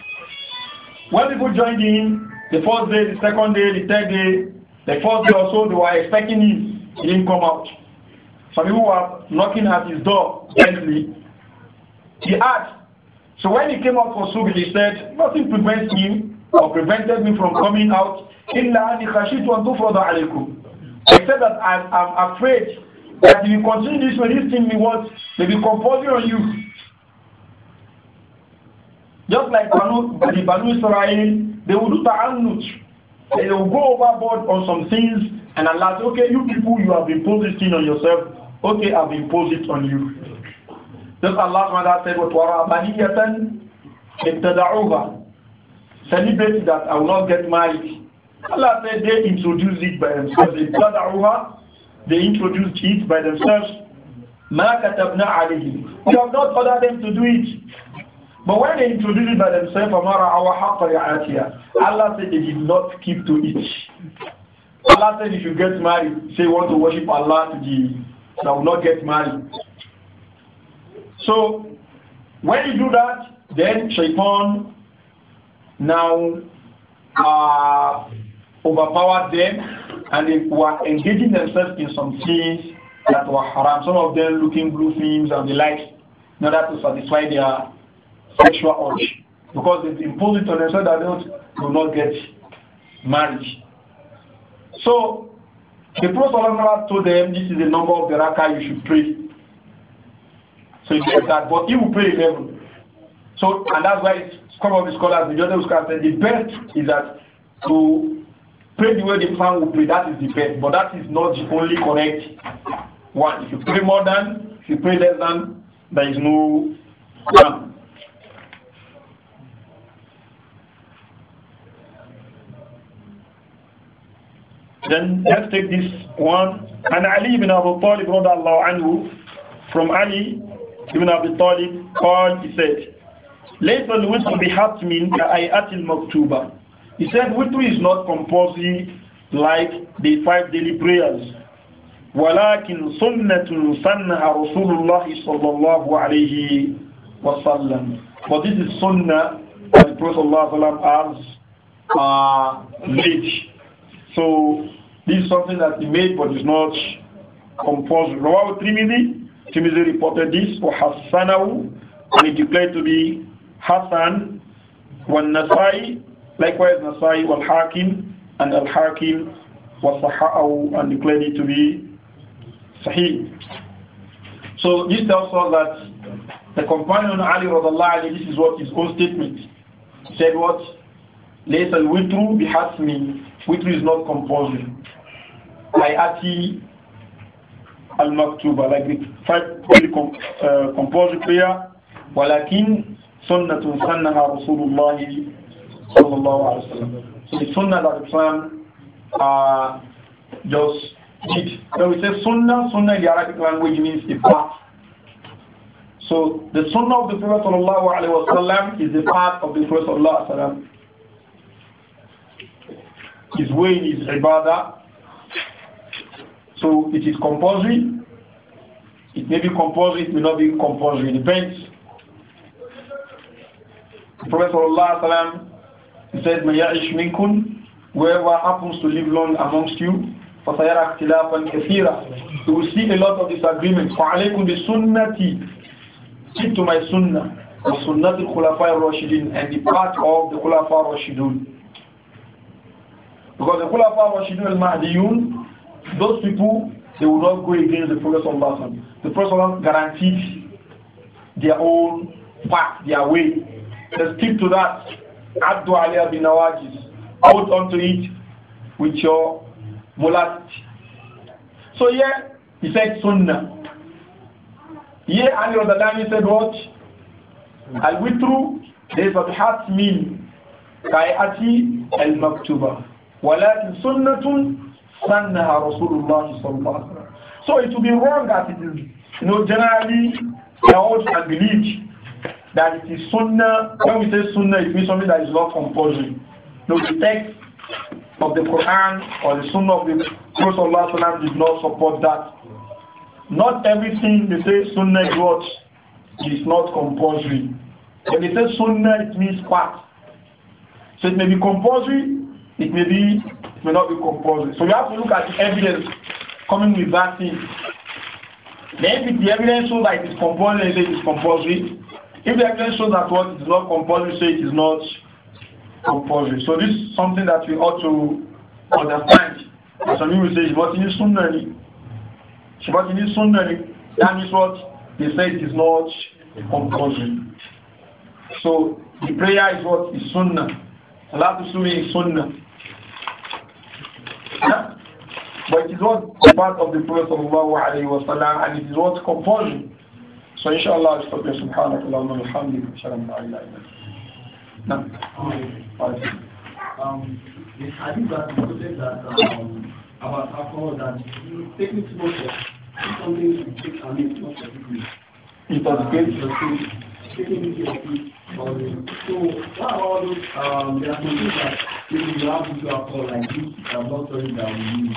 When people joined him, the first day, the second day, the third day, the fourth day or so, they were expecting him. He didn't come out. Some people were knocking at his door gently. He asked. So when he came out for Sugi, he said, Nothing prevents him or prevented me from coming out. Except that I'm afraid that if you continue this way, this thing may what may be compulsory on you. Just like Banu, the Banu Israel, they will do the ta'annut. They will go overboard on some things and Allah says, okay, you people, you have imposed this thing on yourself. Okay, I've imposed it on you. Just Allah said, what warabaniyatan ibtada'uha. Celebrate that I will not get married. Allah said they introduced it by themselves. Ibtada'uha they introduced it by themselves. مَا We have not ordered them to do it. But when they introduced it by themselves, أَمَرَ عَوَ حَقَّ Allah said they did not keep to it. Allah said if you get married, say you want to worship Allah to the that will not get married. So when you do that, then shaitan now uh, overpowered them and they were engaging themselves in some things that were haram. Some of them looking blue films and the like in order to satisfy their sexual urge because they imposed it on themselves that they do not get married. So the Prophet told them this is the number of the rakah you should pray. So he said that, but he will pray eleven. So and that's why some of the scholars, the other scholars said the best is that to pray the way the plan will pray, that is the best. But that is not the only correct one. If you pray more than, if you pray less than, there is no harm. Then let's take this one. And Ali ibn Abu Talib anhu, from Ali ibn Abu Talib, called, he said, ليس الوسط بحتم كأيئة المكتوبة he said, Witr is not compulsory like the five daily prayers. ولكن سنة سنها رسول الله صلى الله عليه وسلم. But this is sunnah that the Prophet Allah has uh, So this is something that he made but is not composed. Rawahu Trimidi, reported this, or Hassanahu, and it declared to be Hassan, Wan Nasai, Likewise, Nasai wal Hakim and Al Hakim was Saha'ahu and declared it to be Sahih. So this tells us that the companion Ali radiallahu anhu, this is what his own statement he said what? Laysa al-witru me, Witru is not compulsory. ati al-maktuba, like the five com uh, compulsory prayer, walakin sunnatun sannaha Rasulullah Sallallahu So the sunnah that Islam uh, just did. So we say sunnah, sunnah in the Arabic language means the path. So the sunnah of the Prophet Sallallahu is the path of the Prophet Sallallahu His way is ibadah. So it is compulsory. It may be compulsory, it may not be compulsory. It depends. The Prophet Sallallahu he said, Maya'ish minkun, whoever happens to live long amongst you, فَسَيَرَى اخْتِلَافًا كَثِيرًا You will see a lot of disagreements. فَعَلَيْكُمْ بِسُنَّتِي Keep to my sunnah. وَسُنَّةِ الْخُلَفَاءِ الرَّاشِدِينَ And the part of the Khulafa Rashidun. Because the Khulafa Rashidun al-Mahdiyun, those people, they will not go against the Prophet Sallallahu The Prophet guaranteed their own path, their way. let keep to that. Addu alayha bin Awajis out on it with your molest. So here he said sunnah. Here Ali Radalani said what? Al witru laysa mean. kai'ati al maktuba. Walakin sunnatun sannaha Rasulullah sallallahu alaihi wasallam. So it will be wrong that it is you know generally held and believed that it is sunnah. When we say sunnah, it means something that is not compulsory. No, the text of the Quran or the sunnah of the Prophet Allah did not support that. Not everything they say sunnah is what is not compulsory. When they say sunnah, it means part. So it may be compulsory, it may be it may not be compulsory. So you have to look at the evidence coming with that thing. Then if the evidence shows that it is compulsory, it is compulsory. If the evidence shows that what is not compulsory, say it is not compulsory. So this is something that we ought to understand. And some people say, but in Sunnani. But in Sunnani, that means what they say it is not compulsory. So the prayer is what is Sunnah. Allah to Sunni is Sunnah. Yeah? But it is not part of the Prophet and it is what compulsory. So inshallah, I'll stop here. Subhanak alhamdulillah. No. Um, the hadith that you said that um, about alcohol that you take it to much something you take and not for It was good. Uh, So what about those there are things that maybe you have to alcohol like this I'm not sorry that we use.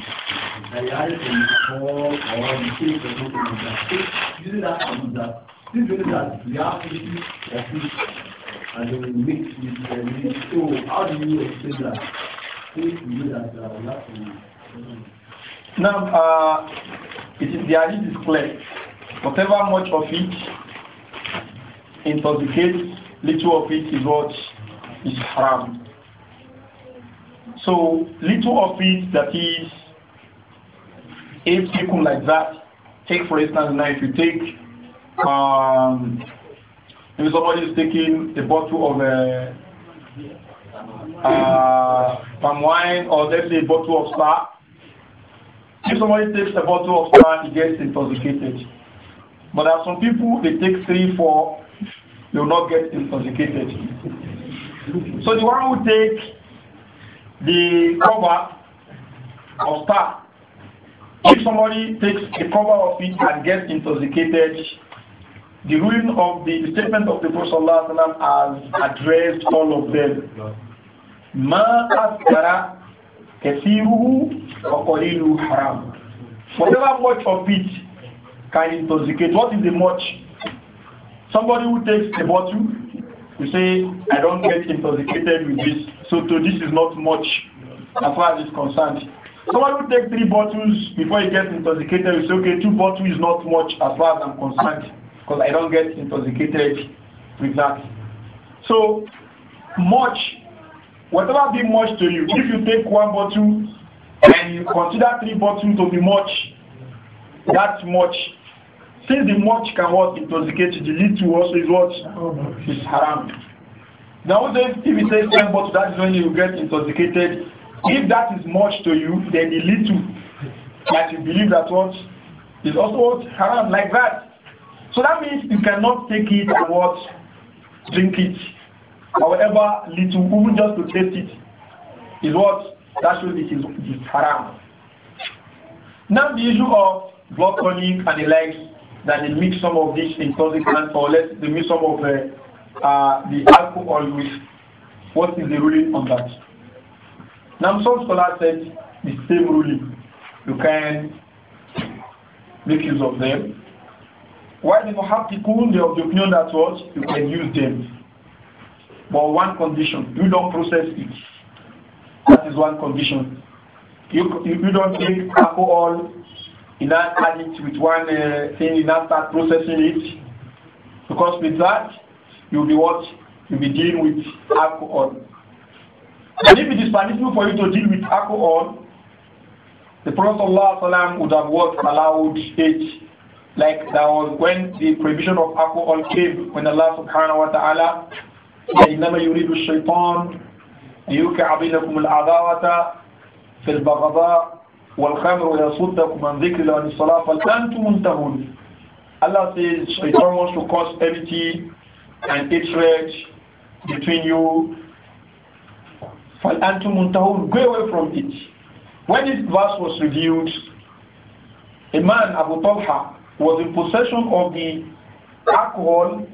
That you or you take or something like that. So using that and that. This means that we have and we mix with the So how do you explain that? If you know that uh, we have to now, uh, it is, the idea is clear. Whatever much of it Intoxicate little of it is what is haram. So little of it that is if taken like that, take for instance now if you take um, if somebody is taking a bottle of a uh, uh, palm wine or let's say a bottle of star, if somebody takes a bottle of star, he gets intoxicated. But there are some people they take three, four, you will not get intoxicated. So the one who takes the cover of star, if somebody takes the cover of it and gets intoxicated, the ruling of the statement of the Prophet has addressed all of them. Ma askara kathiruhu wa qalilu haram. Whatever much of it can intoxicate. What is the much? Somebody who takes a bottle, you say, I don't get intoxicated with this, so to this is not much as far as it's concerned. Somebody who takes three bottles before he gets intoxicated, you say, okay, two bottles is not much as far as I'm concerned, because I don't get intoxicated with that. So, much, whatever be much to you, if you take one bottle and you consider three bottles to be much, that's much since the much can what intoxicate the little also is what is haram. Now if it says ten but that is when you get intoxicated. If that is much to you, then the little that you believe that what is also what haram like that. So that means you cannot take it and what drink it. However, little even just to taste it is what that shows it is, it is haram. Now the issue of blood tonic and the likes that they mix some of this in intoxicant or let they mix some of uh, uh, the alcohol with. What is the ruling on that? Now some scholars said the same ruling. You can make use of them. While do Muhakkikun, have are of the opinion that what? You can use them. But one condition, you don't process it. That is one condition. You, you, you don't take alcohol you now add it with one uh, thing, you now start processing it. Because with that, you'll be what? You'll be dealing with alcohol. And if it is permissible for you to deal with alcohol, the Prophet ﷺ would have what allowed it. Like that was when the prohibition of alcohol came, when Allah subhanahu wa ta'ala إنما يريد الشيطان أن يوقع بينكم العداوة في البغضاء والخمر ويصدكم عن ذكر الله الصلاة فأنتم منتهون Allah says Shaitan wants to cause enmity and hatred between you فَأَنْتُمْ مُنْتَهُونَ Go away from it. When this verse was revealed, a man, Abu Talha, was in possession of the alcohol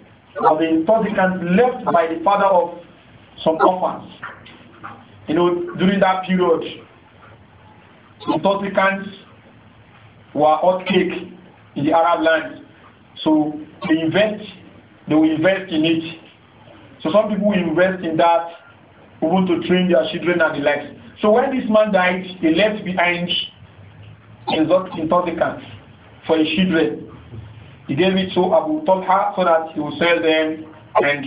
or the intoxicant left by the father of some orphans. You know, during that period, Republicans were cake in the Arab lands. So they invest, they will invest in it. So some people invest in that want to train their children and the likes. So when this man died, he left behind intoxicants for his children. He gave it to Abu Talha so that he would sell them. And,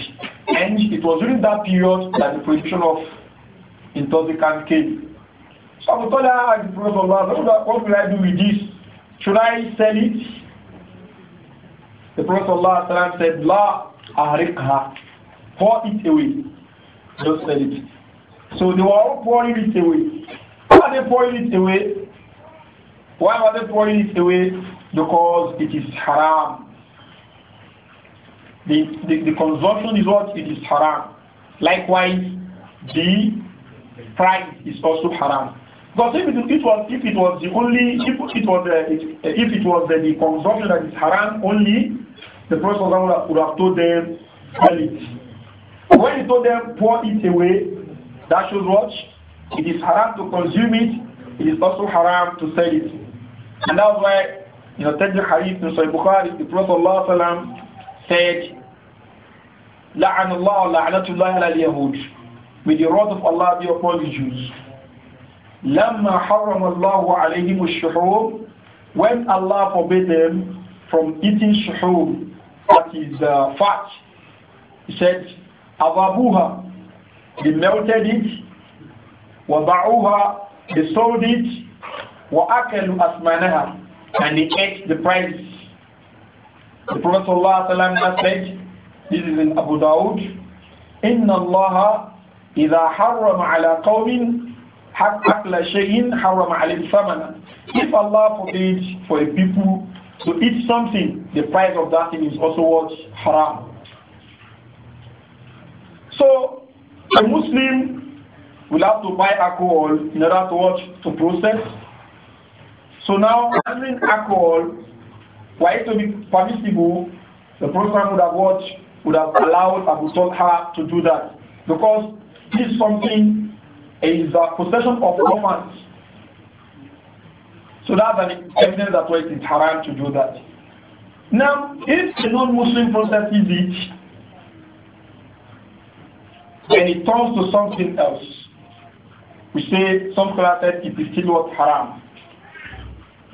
and it was during that period that the production of intoxicants came. So Abu Talha asked the Prophet of Allah, what will I do with this? Should I sell it? The Prophet of Allah said, La ahriqha, pour it away. Don't sell it. So they were all pouring it away. Why are they pouring it away? Why were they pouring it away? Because it is haram. The, the, the consumption is what? It is haram. Likewise, the price is also haram. But if it, it, was if it was the only if it was uh, the, if it was the, uh, the consumption that is haram only, the Prophet would have told them sell it. When he told them pour it away, that should watch. it is haram to consume it. It is also haram to sell it, and that's why you know take the hadith in Sahih Bukhari, the Prophet said. said, "La'an Allah, la'anatullah al-Yahud." with the wrath of Allah be upon the Jews. لَمَّا حَرَّمَ اللَّهُ عَلَيْهِمُ الشُّحُومِ When Allah forbade them from eating shuhum, that is uh, fat, He said, أَضَابُوهَا They melted it, وَضَعُوهَا They sold it, وَأَكَلُوا أَثْمَانَهَا And they ate the price. The Prophet ﷺ said, this is in Abu Dawud, إِنَّ اللَّهَ إِذَا حَرَّمَ عَلَى قَوْمٍ if Allah forbids for a people to eat something, the price of that thing is also what? Haram. So, a Muslim will have to buy alcohol in order to watch, to process. So now, handling alcohol, why it to be permissible, the program would have watched, would have allowed Abu Talha to do that. Because this is something is the possession of romance. So that's an evidence that well, it is haram to do that. Now, if a non-Muslim possesses it, When it turns to something else. We say, some scholars said it is still what haram.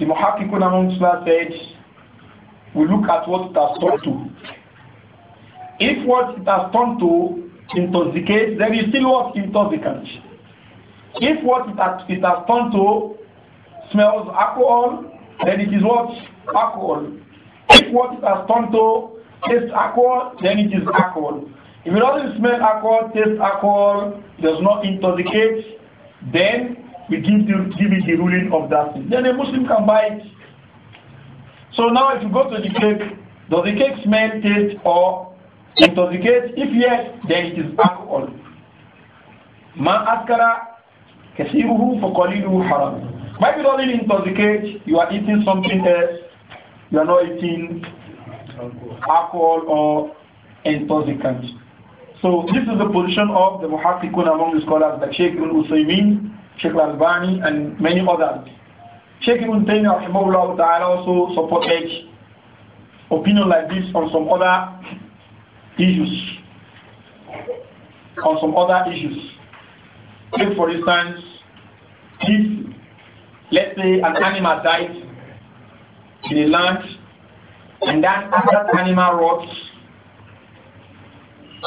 The Muhakkikun among scholars said, we look at what it has turned to. If what it has turned to intoxicates, then it is still what intoxicates. If what it has, it has turned to smells alcohol, then it is what? Alcohol. If what it has turned to tastes alcohol, then it is alcohol. If it doesn't smell alcohol, taste alcohol, does not intoxicate, then we give, the, give it the ruling of that thing. Then a Muslim can buy it. So now if you go to the cake, does the cake smell, taste, or intoxicate? If yes, then it is alcohol. Ma'askara. كثيره فقليله حرام when you don't intoxicate you are eating something else you are not eating alcohol or intoxicant so this is the position of the muhakkikun among the scholars like Sheikh Ibn Usaymin Sheikh Al-Albani and many others Sheikh Ibn Taymiyyah also supported opinion like this on some other issues on some other issues Take for instance, if let's say an animal dies in a land and that other animal rots,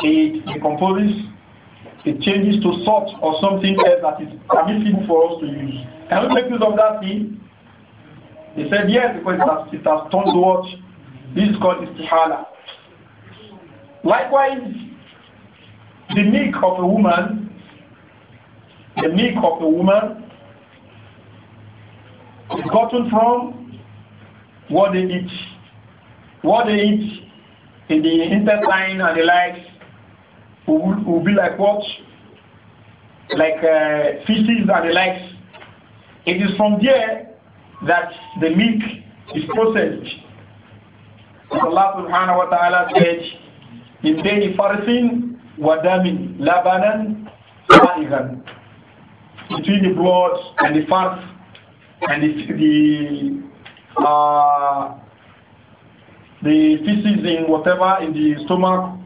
it decomposes, it changes to salt or something else that is permissible for us to use. Can we make use of that thing? They said yes because it has, it has turned to what? This is called istihala. Likewise, the milk of a woman the milk of the woman is gotten from what they eat. What they eat in the intestine and the likes will, will be like what? Like uh, feces and the likes. It is from there that the milk is processed. Allah subhanahu wa ta'ala said, in بين Farasin ودم لبنا سائغا between the blood and the fat and the the, uh, the feces in whatever in the stomach.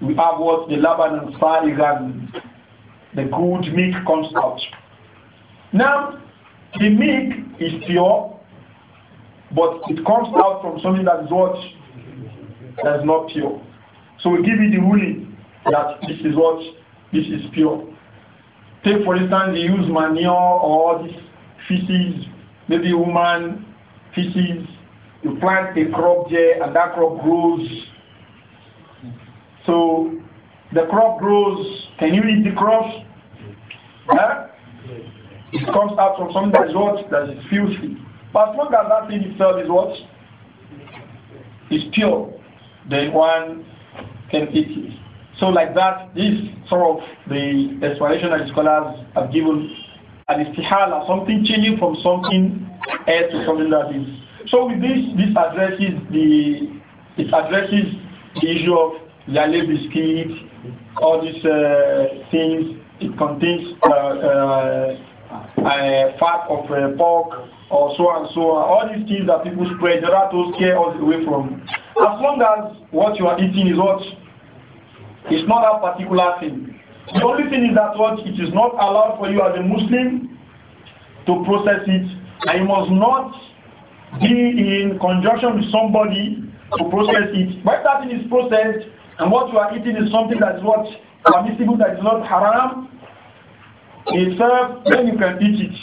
We have what the laban and saligan, the good meat comes out. Now, the meat is pure, but it comes out from something that is what that is not pure. So we give you the ruling that this is what this is pure. Take for instance, they use manure or feces, maybe human feces. You plant a crop there and that crop grows. So the crop grows. Can you eat the crops? Huh? It comes out from something that is what? That is filthy. But as long as that thing itself is what? Is pure, then one can eat it. So like that, this sort of the explanation that scholars have given an istihala, something changing from something else to something that is. So with this, this addresses the it addresses the issue of Yale biscuit, all these uh, things. It contains uh, uh, fat of uh, pork or so and so on. All these things that people spread, they are to scare us away from. As long as what you are eating is what it's not a particular thing. The only thing is that what it is not allowed for you as a Muslim to process it, and you must not be in conjunction with somebody to process it. But that thing is processed, and what you are eating is something that is what permissible, that is not haram, itself, then you can eat it.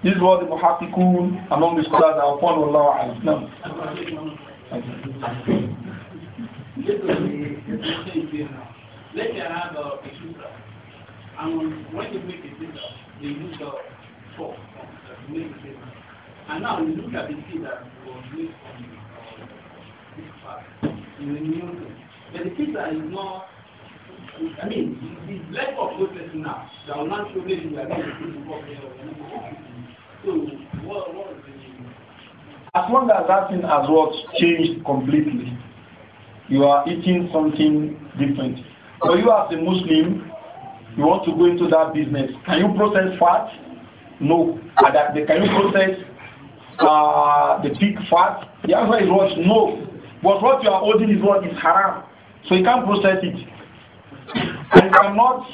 This is what the muhakkikun among the scholars are upon Allah. No. Okay. Let me have uh, a shooter. And when you make a shooter, they use the fork to make And now look at the seed that was made from uh, this part in the But the seed that is not, I mean, the lack of process now that will not show that you are going to work there So, what, what is the. As long as that thing has what changed completely, you are eating something different. But you as a Muslim, you want to go into that business. Can you process fat? No. Can you process uh, the pig fat? The answer is what? No. But what you are holding is what is haram. So you can't process it. And you cannot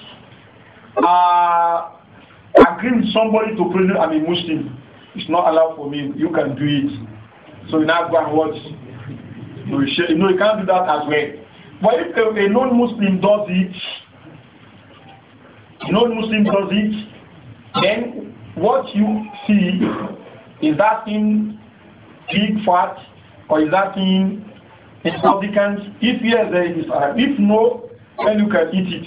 uh, agree with somebody to prison. I'm a Muslim. It's not allowed for me. You can do it. So you now go and watch. No, you, know, you can't do that as well. But if a, a non-Muslim does it, non-Muslim does it, then what you see is that in big fat or is that in Republicans? If yes, then it is If no, then you can eat it.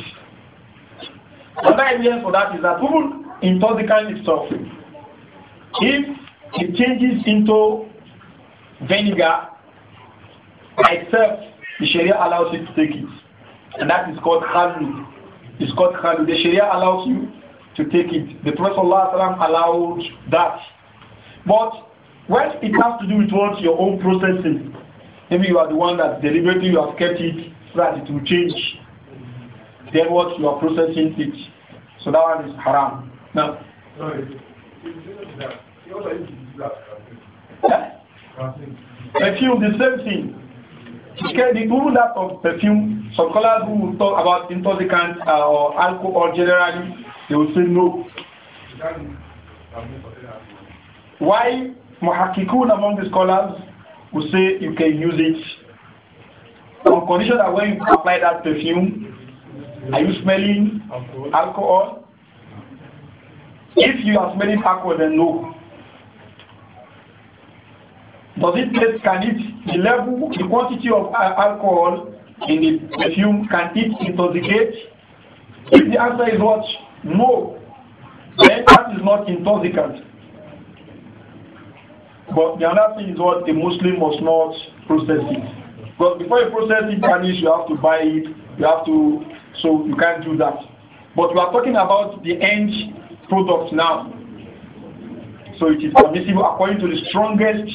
Another evidence for that is that even in Tosican itself, if it changes into vinegar itself, the Sharia allows you to take it. And that is called haram. It's called haram. The Sharia allows you to take it. The Prophet allowed that. But when it has to do with what your own processing, maybe you are the one that deliberately you have kept it so that it will change. Then what you are processing it. So that one is haram. Now. Yeah? I feel the same thing. Okay, the rule that of perfume, some scholars who will talk about intoxicant uh, or alcohol generally, they will say no. Why muhakkikun among the scholars will say you can use it on condition that when you apply that perfume, are you smelling alcohol? If you are smelling alcohol, then no. Does it get, can it, the level, the quantity of uh, alcohol in the perfume, can it intoxicate? If the answer is what? No. Then that is not intoxicant. But the other thing is what the Muslim must not process it. Because before you process it, Danish, you have to buy it, you have to, so you can't do that. But we are talking about the end product now. So it is permissible according to the strongest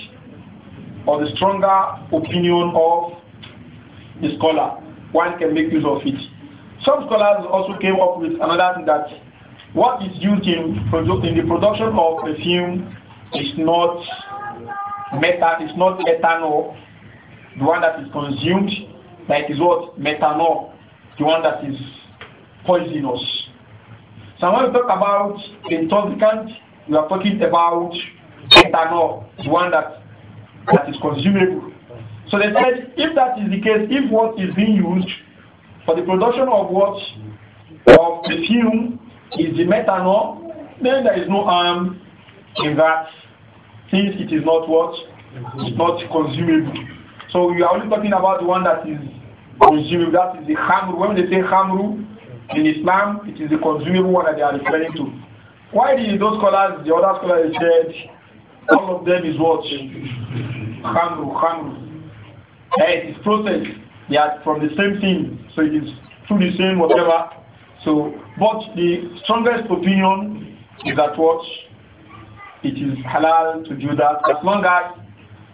or the stronger opinion of the scholar, one can make use of it. Some scholars also came up with another thing that what is used in, in the production of perfume is not metal, it's not ethanol, the one that is consumed, that is what? Methanol, the one that is poisonous. So when we talk about intoxicant, we are talking about ethanol, the one that that is consumable. So they said, if that is the case, if what is being used for the production of what of the fume is the methanol, then there is no harm in that, since it is not what it's not consumable. So we are only talking about the one that is consumable. That is the hamru. When they say hamru in Islam, it is the consumable one that they are referring to. Why did those scholars, the other scholars, said all of them is watching. Khamru, Khamru. Hey, eh, it's process. They are from the same thing. So it is through the same whatever. So, but the strongest opinion is that what? It is halal to do that as long as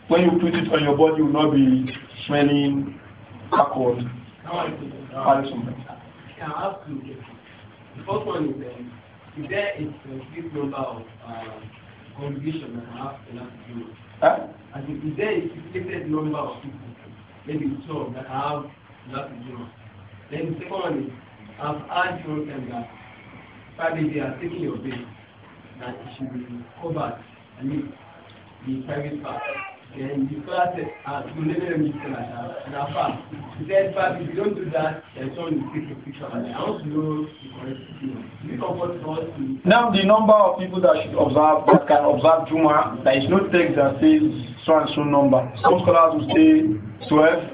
when you put it on your body, you will not be smelling alcohol. Can I ask you, the first one is, um, is there a specific number of um, congregation that have enough people. Huh? And if there is a fixed number of people, maybe 12 that have enough people. Then the second one is, I've asked from them that probably they are taking your bill, that it should be covered, I mean, the private part then the father said, you never let me tell her, uh, and He said, but if you don't do that, then someone will take a picture of it. I want to know the correct thing. Now the number of people that should observe, that can observe Juma, there is no text that says so and so number. Some scholars will say 12,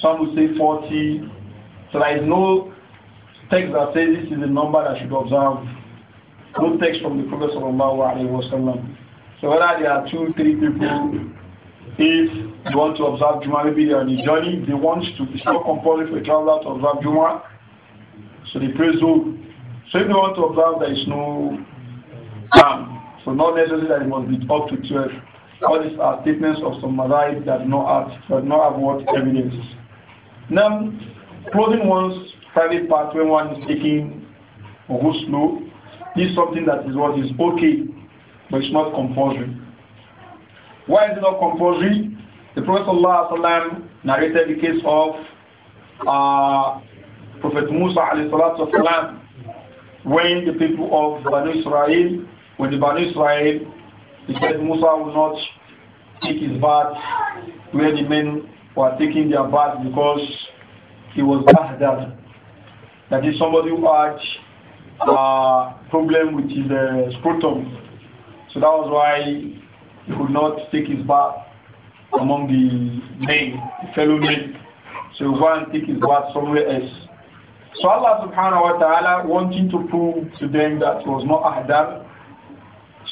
some will say 40. So there is no text that says this is the number that should observe. No text from the Prophet Sallallahu Alaihi Wasallam. So whether there are two, three people if they want to observe Juma, maybe they are on a journey, they want to, it's not compulsory for a traveler to observe Juma, so they pray Zuhr. So if they want to observe, there is no harm. So not necessarily that it must be up to 12. All these are statements of some Malaib that do not have, that do not have what evidences. Now, closing one's private part when one is taking a slow, this is something that is what is okay, but it's not compulsory. Why is it not compulsory? The Prophet ﷺ narrated the case of uh, Prophet Musa والسلام, when the people of Banu Israel, when the Banu Israel, he said Musa will not take his bath where the men were taking their bath because he was bahdad. That is somebody who had a uh, problem with his uh, scrotum. So that was why he could not take his bath among the men, the fellow men. So he went and take his bath somewhere else. So Allah subhanahu wa ta'ala wanting to prove to them that it was not Ahdar,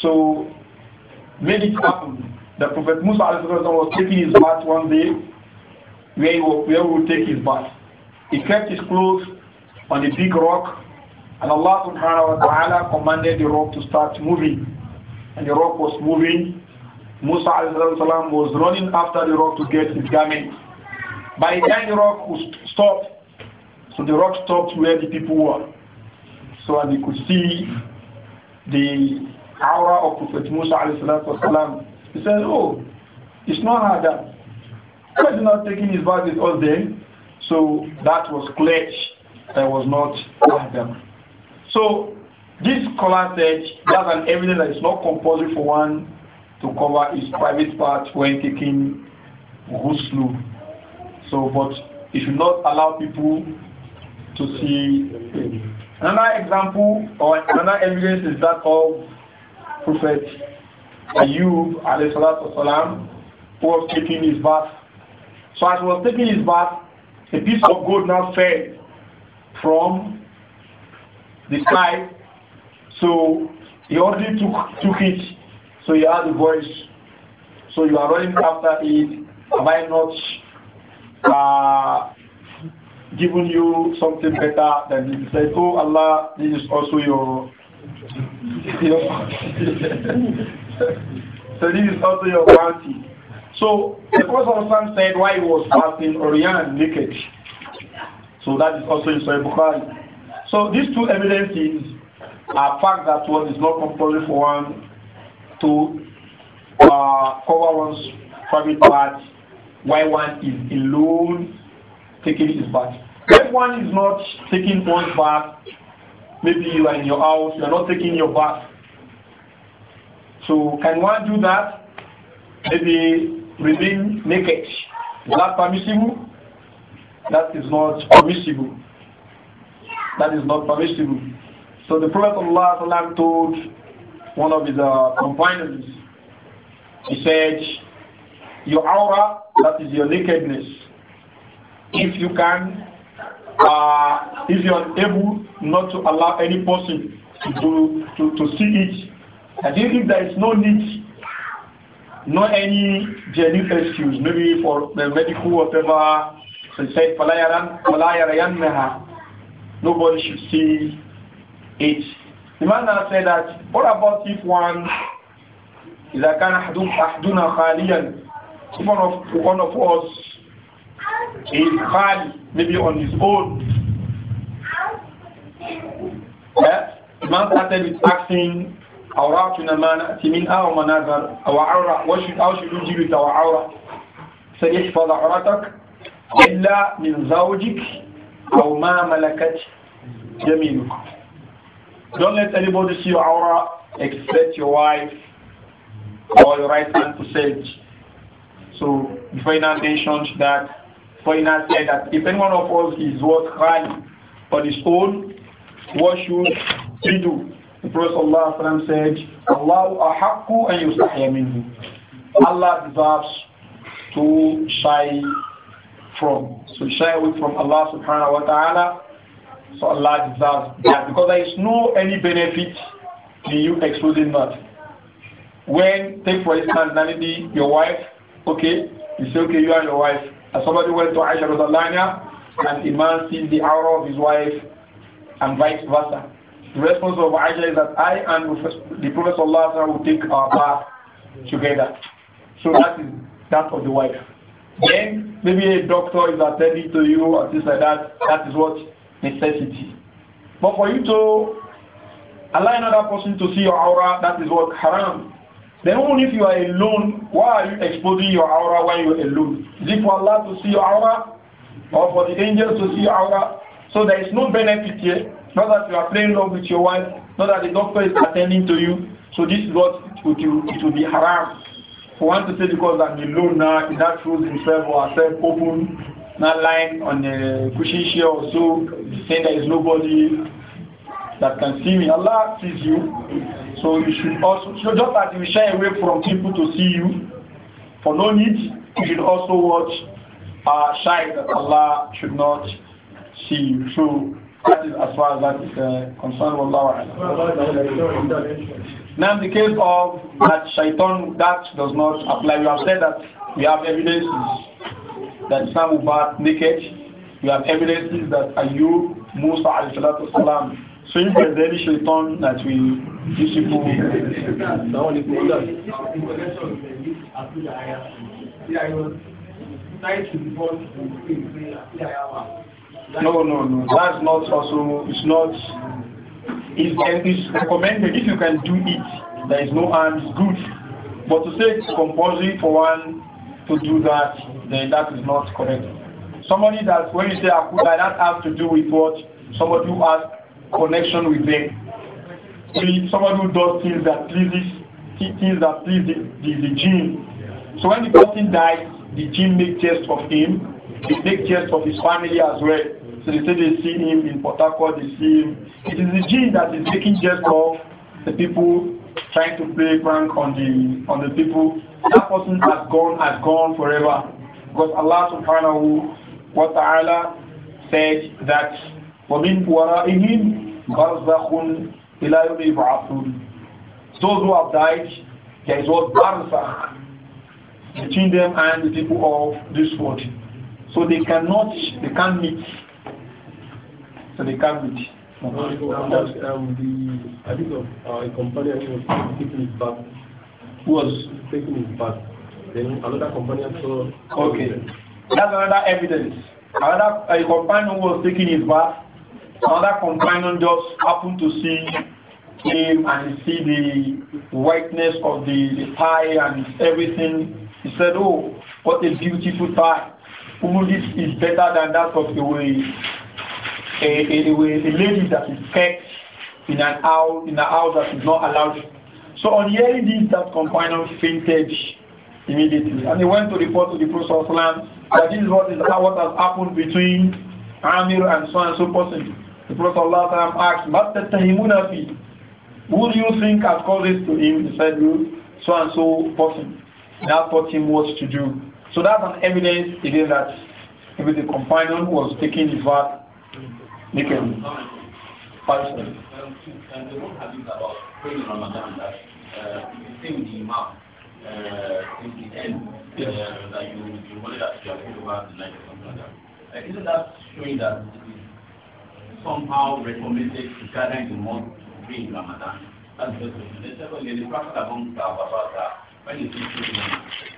so made it happen. The Prophet Musa was taking his bath one day where he, where he would take his bath. He kept his clothes on a big rock and Allah subhanahu wa ta'ala commanded the rock to start moving. And the rock was moving Musa salam was running after the rock to get his garment. By the time the rock stopped, so the rock stopped where the people were. So as they could see the aura of Prophet Musa salam. He said, oh, it's not Adam. because is not taking his bath with us then. So that was clear. That was not Adam. So this scholar said that's an evidence that is not compulsory for one to cover his private parts when taking ghusl. So, but it should not allow people to see. Another example or another evidence is that of Prophet Ayub والسلام, who was taking his bath. So as he was taking his bath, a piece of gold now fell from the sky. So he already took, took it so you are the voice. So you are running after it. Am I not uh, giving you something better than this? Say, oh Allah, this is also your. your so this is also your bounty. So the Prophet said why he was fasting Orion naked. So that is also in Sahih Bukhari. So these two evidences are facts that one is not compulsory for one to uh, cover one's private part while one is alone taking his bath. If one is not taking one's bath, maybe you are in your house, you are not taking your bath. So can one do that? Maybe remain naked. Is that permissible? That is not permissible. That is not permissible. So the Prophet of Allah told one of his uh, companions. He said, Your aura, that is your nakedness. If you can, uh, if you are able not to allow any person to, do, to, to see it, I think if there is no need, no any genuine excuse, maybe for the medical whatever, so said, Nobody should see it The man now said that, what about if one is a kind of ahduna khaliyan, if one of, one of us is khali, maybe on his own. Yeah? The man started with asking, awratuna ma na'ti min aw manazar aw awra, what should, how should we deal with our awra? Said, ihfaz awratak illa min zawjik aw ma malakat yaminuk. Don't let anybody see your aura except your wife or your right hand to sage. So final mentioned that final said that if anyone of us is worth crying on his own, what should he do? The Prophet Allah said, Allahu ahakku and yustahya Allah deserves to shy from. So shy away from Allah subhanahu wa ta'ala so Allah deserves that because there is no any benefit in you exposing that. When, take for instance, Nanidi, your wife, okay, you say, okay, you are your wife. And somebody went to Aisha Rosalania and a man sees the aura of his wife and vice versa. The response of Aisha is that I and the Prophet will take our path together. So that is that of the wife. Then maybe a doctor is attending to you and things like that. That is what necessity. But for you to allow another person to see your aura, that is what haram. Then even if you are alone, why are you exposing your aura when you are alone? Is it for Allah to see your aura? Or for the angels to see your aura? So there is no benefit here. Not that you are playing love with your wife, not that the doctor is attending to you. So this is what it will, it will be haram. For one to say because I'm alone now, that shows himself or herself open not lying on a cushion here or so, saying there is nobody that can see me. Allah sees you. So you should also, so just as you shy away from people to see you, for no need, you should also watch, uh, shy that Allah should not see you. So that is as far as that is uh, concerned. Wallahu Now in the case of that shaitan, that does not apply. We have said that we have evidence that some of bath naked. You have evidences that Ayub, Musa, salam. so if there's any shaitan that we these move. No, no, no. That's not also it's not it's, it's recommended if you can do it, there is no harm, it's good. But to say it's compulsory for one to do that, then that is not correct. Somebody that, when you say Akuda, that has to do with what? Somebody who has connection with them. Somebody who does things that pleases, things that please the, the, the gene. So when the person dies, the gene makes test of him. They make test of his family as well. So they say they see him in Port they see him. It is the gene that is making test of the people trying to play prank on the on the people, that person has gone has gone forever. Because Allah subhanahu wa ta'ala said that وَمِنْ وَرَائِهِمْ بَرْزَخٌ إِلَى يَوْمِ يُبْعَثُونَ Those who have died, there is what barzakh between them and the people of this world. So they cannot, they can't meet. So they can't meet. Um, the, I think of uh, a companion who was taking his bath, who was taking his bath. Then another companion saw. Okay, that's another evidence. Another a companion was taking his bath. Another companion just happened to see him and see the whiteness of the, the tie and everything. He said, "Oh, what a beautiful tie! Who this is better than that of the way." a, a, a lady that is kept in an house in a house that is not allowed. So on hearing this, that companion fainted immediately, and he went to report to the Prophet that this is what is what has happened between Amir and so and so person. The Prophet asked, "Master Tahimunafi, who do you think has caused this to him?" He said, "So and so person." That taught him what to do. So that's an evidence again that maybe the companion was taking his bath Make him five seconds. And the one hadith about praying Ramadan that you sing the Imam in the end, that you, you wanted us to have over the night or something like that. not that showing that it is somehow recommended to gather in the month to pray in Ramadan? That's the first question. The second is the practice among the about that when you see children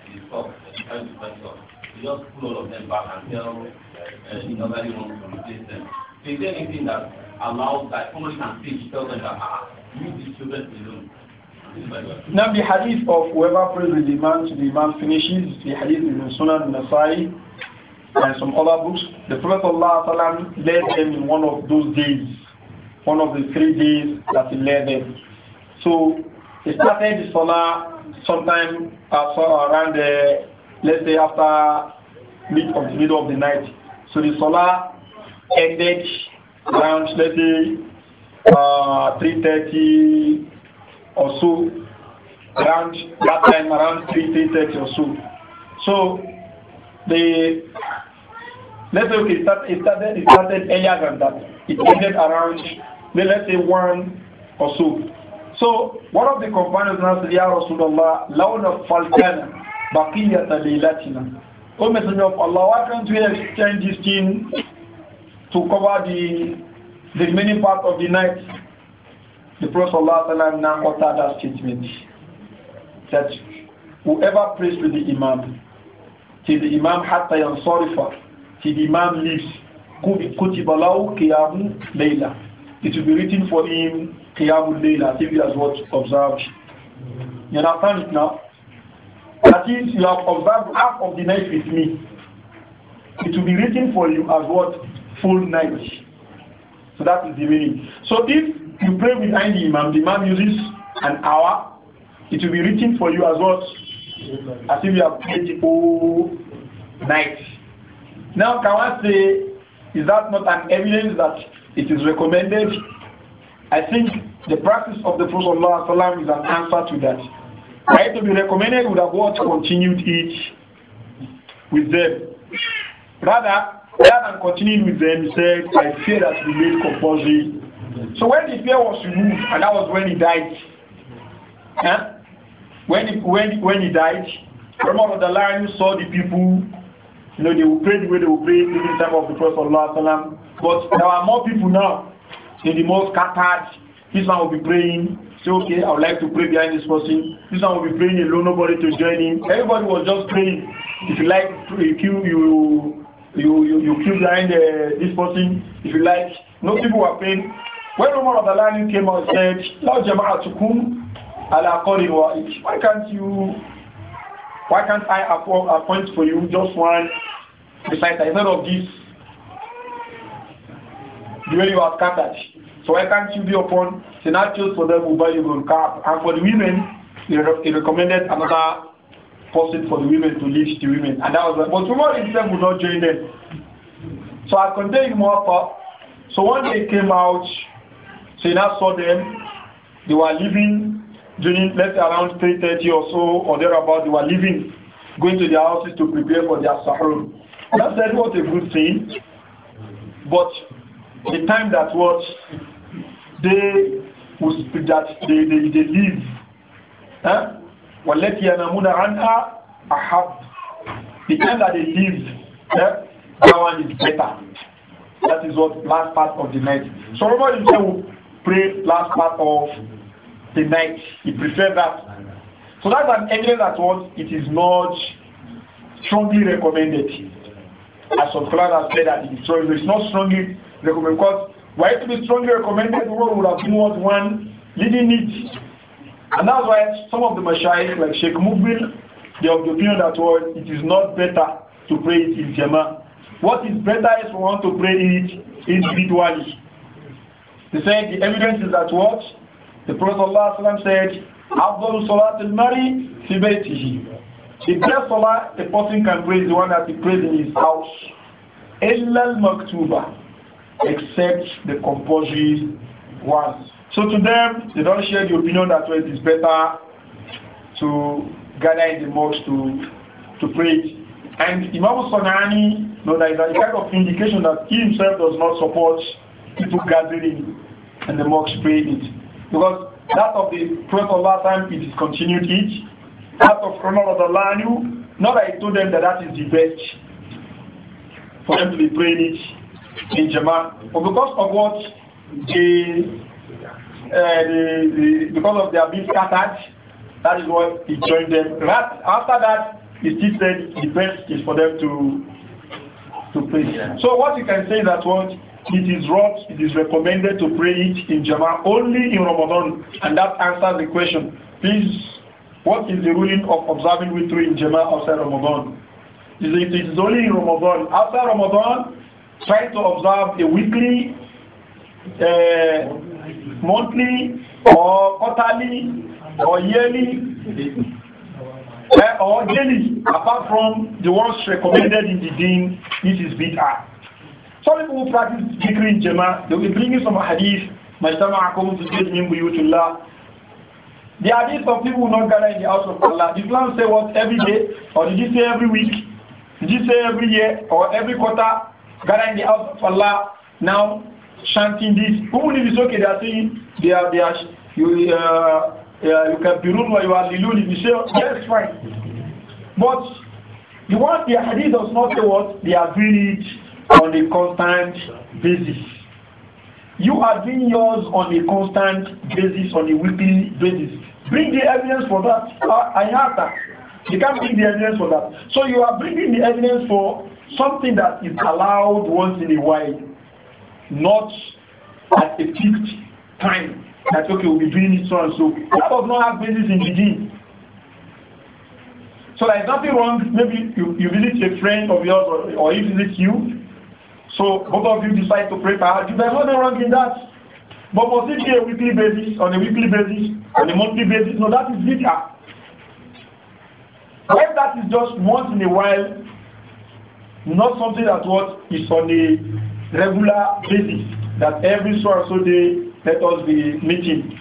in the shop, trying to find shop, you just pull all of them back and tell uh, nobody wants to replace them. Is there anything that allows that somebody can teach, tell them that, ah, leave children alone? Now the hadith of whoever prays with the man, to the man finishes, the hadith in Sunan Nasai and some other books, the Prophet Allah led them in one of those days, one of the three days that he led them. So he started the Salah sometime around the, let's say after mid of the middle of the night. So the Salah ended around, let's say, uh, 3.30 or so, around that time, around 3.30 or so. So, the, let's say it, start, it, started, it started earlier than that. It ended around, let's say, 1 or so. So, one of the companions now said, Ya Rasulullah, لَوْنَ فَالْكَانَ بَقِيَّةَ لَيْلَتِنَا O Messenger of Allah, why can't we exchange this thing to cover the, the remaining part of the night, the Prophet ﷺ now uttered that statement that whoever prays with the Imam, till the Imam hatta yansarifa, till the Imam leaves, kutiba lahu qiyamu layla. It will be written for him qiyamu layla, if he has what observed. You understand it now? That is, you have observed half of the night with me. It will be written for you as what full night. So that is the meaning. So if you pray behind the imam, the imam uses an hour, it will be written for you as what? Well, as if you have prayed the whole night. Now, can I say, is that not an evidence that it is recommended? I think the practice of the Prophet ﷺ is an answer to that. For it to be recommended would have what continued it with them. Rather, rather than continuing with them, he said, I fear that we made compulsory. So when the fear was removed, and that was when he died. Huh? When, he, when, when he died, Umar the lion saw the people, you know, they would pray the way they would pray in the time of the Prophet Allah But there are more people now in the most scattered. This one will be praying. Say, okay, I would like to pray behind this person. This one will be praying alone, nobody to join him. Everybody was just praying. If you like to kill you you you you keep lying. uh, this person if you like. No people were paying. When Umar of the lying came out said, "Now jama'atukum ala qawlin wa'id." Why can't you? Why can't I appoint for you just one besides instead of this? The way you are scattered. So why can't you be upon? So now chose for them Ubay ibn you and for the women, he recommended another forcing for the women to leave the women. And that was like, but Umar himself would not join them. So I condemned for. So one day came out, so now saw them. They were leaving during, let's say around 3.30 or so, or thereabout, they were leaving, going to their houses to prepare for their sahur. That said, what a good thing. But the time that was, they, was that they, they, they leave, huh? وَالَّتِي يَنَامُونَ عَنْهَا أَحَبُّ The time that they live, eh, that one is better. That is what last part of the night. So Solomon himself will pray last part of the night. He prefer that. So that's an evidence that what it is not strongly recommended. As some scholars have said that it is strong, it's not strongly recommended because why it be strongly recommended, the world would have been what one leading it and that's why some of the mashayikh, like Sheikh Mubin, they have the opinion that well, it is not better to pray it in Jama. What is better is we want to pray it individually. They say the evidence is at what? The Prophet ﷺ said, Abdul Salat al Mari Sibetihi. The best salah a person can pray is the one that he prays in his house. Illa al Maktuba, except the compulsory ones. So to them, they don't share the opinion that well, it is better to gather in the mosque to, to pray. And Imam you know there is a kind of indication that he himself does not support people gathering in the mosque praying it. Because that of the Prophet of Allah time, it is continued it. That of Ronald of the not that I told them that that is the best for them to be praying it in Jama. But because of what they uh, the, the, because of their being scattered, that is why he joined them. after that, he still said the best is for them to to pray. Yeah. So what you can say that what it is wrong. it is recommended to pray it in Jama only in Ramadan, and that answers the question. Please, what is the ruling of observing witr in Jama outside Ramadan? Is it, it is only in Ramadan. After Ramadan, try to observe a weekly uh, monthly or quarterly or yearly or daily apart from the ones recommended in the deen this is bid'ah some people who practice dhikr in jama they will bring you some hadith to fi min buyutillah the hadith of people who not gather in the house of Allah the plan say what every day or did you say every week did you say every year or every quarter gather in the house of Allah now chanting this. Who will be okay? They are saying they are they are you uh, uh, you can be rude or you are lilun. You say yes, fine. But the one the hadith does not say what they are doing it on a constant basis. You are doing yours on a constant basis, on a weekly basis. Bring the evidence for that. I have that. You can't bring the evidence for that. So you are bringing the evidence for something that is allowed once in a while not at a fixed time that okay we'll be doing it so and so. That does not have basis in the So there's nothing wrong. Maybe you, you visit a friend of yours or, or he visits you. So both of you decide to pray tahajjud. There's nothing wrong in that. But must it be a weekly basis, on a weekly basis, on a monthly basis? No, that is bigger. If that is just once in a while, not something that what is on a regular basis that every so and so day let us be meeting.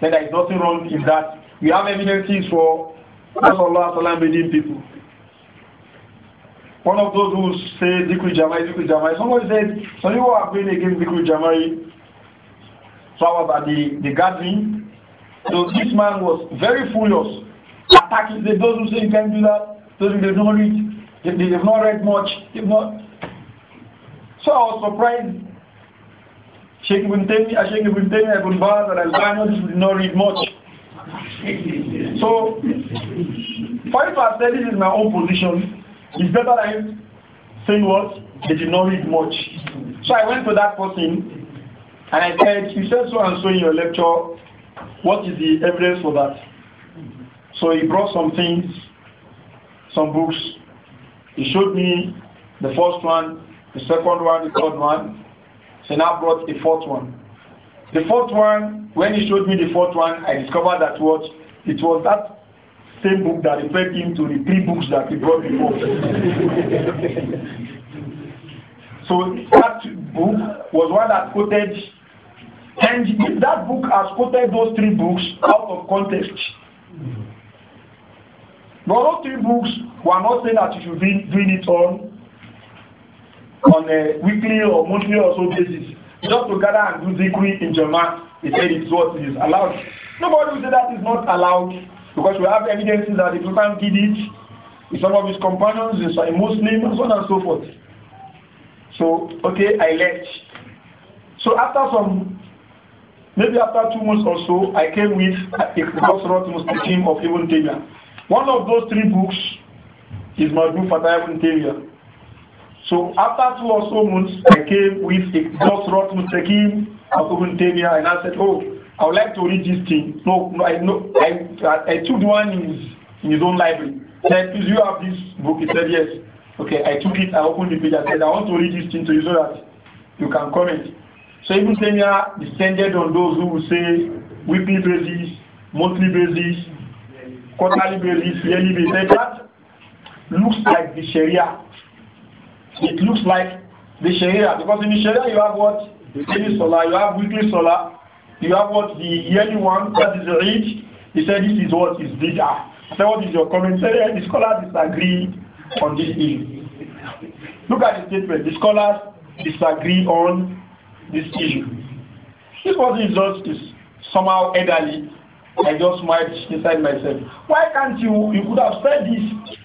Then there is nothing wrong in that. We have evidences for Rasulullah meeting people. One of those who say Zikri Jamai, Zikri Jamai, someone said, so you are praying against Zikri Jamai. So I was at the, the gathering. So this man was very furious, attacking the, those who say you can't do that, those who don't read, they, they've not read much, they've not. So I was surprised. Sheikh Ibn Taymiyyah, uh, Sheikh Ibn Taymiyyah, Ibn Baz, and Albani did not read much. So, for if I said this is my own position, it's better than saying what? They did not read much. So I went to that person and I said, You said so and so in your lecture. What is the evidence for that? So he brought some things, some books. He showed me the first one, the second one, the third one. So now brought the fourth one. The fourth one, when he showed me the fourth one, I discovered that what it was that same book that referred him to the three books that he brought before. so that book was one that quoted, and if that book has quoted those three books out of context, but those three books were not saying that you should be doing it on on a weekly or monthly or so basis, just to gather and do zikri in Jama, he said it's what is allowed. Nobody will say that is not allowed because we have evidences that the Sultan did it, some of his companions, is a Muslim, and so on and so forth. So, okay, I left. So after some, maybe after two months or so, I came with a Khosrat Muslim of Ibn Taymiyyah. One of those three books is Madhu Fatah Ibn Taymiyyah. So after two or so months, I came with a Dosrat Mustaqim of Ibn Taymiyyah and I said, oh, I would like to read this thing. No, no, I, no, I, I, took one in his, in his own library. I said, please, you have this book? He said, yes. Okay, I took it, I opened the page, I said, I want to read this thing to you so that you can comment. So Ibn Taymiyyah descended on those who would say weekly basis, monthly basis, quarterly basis, yearly basis. That looks like the Sharia it looks like the Sharia. Because in the Sharia you have what? Daily Salah, you have weekly Salah, you have what? The yearly one, that is the reach. He said this is what is bigger. I said what is your comment? He said the scholars disagree on this issue. Look at the statement. The scholars disagree on this issue. This wasn't just is somehow elderly. I just might inside myself. Why can't you? You could have said this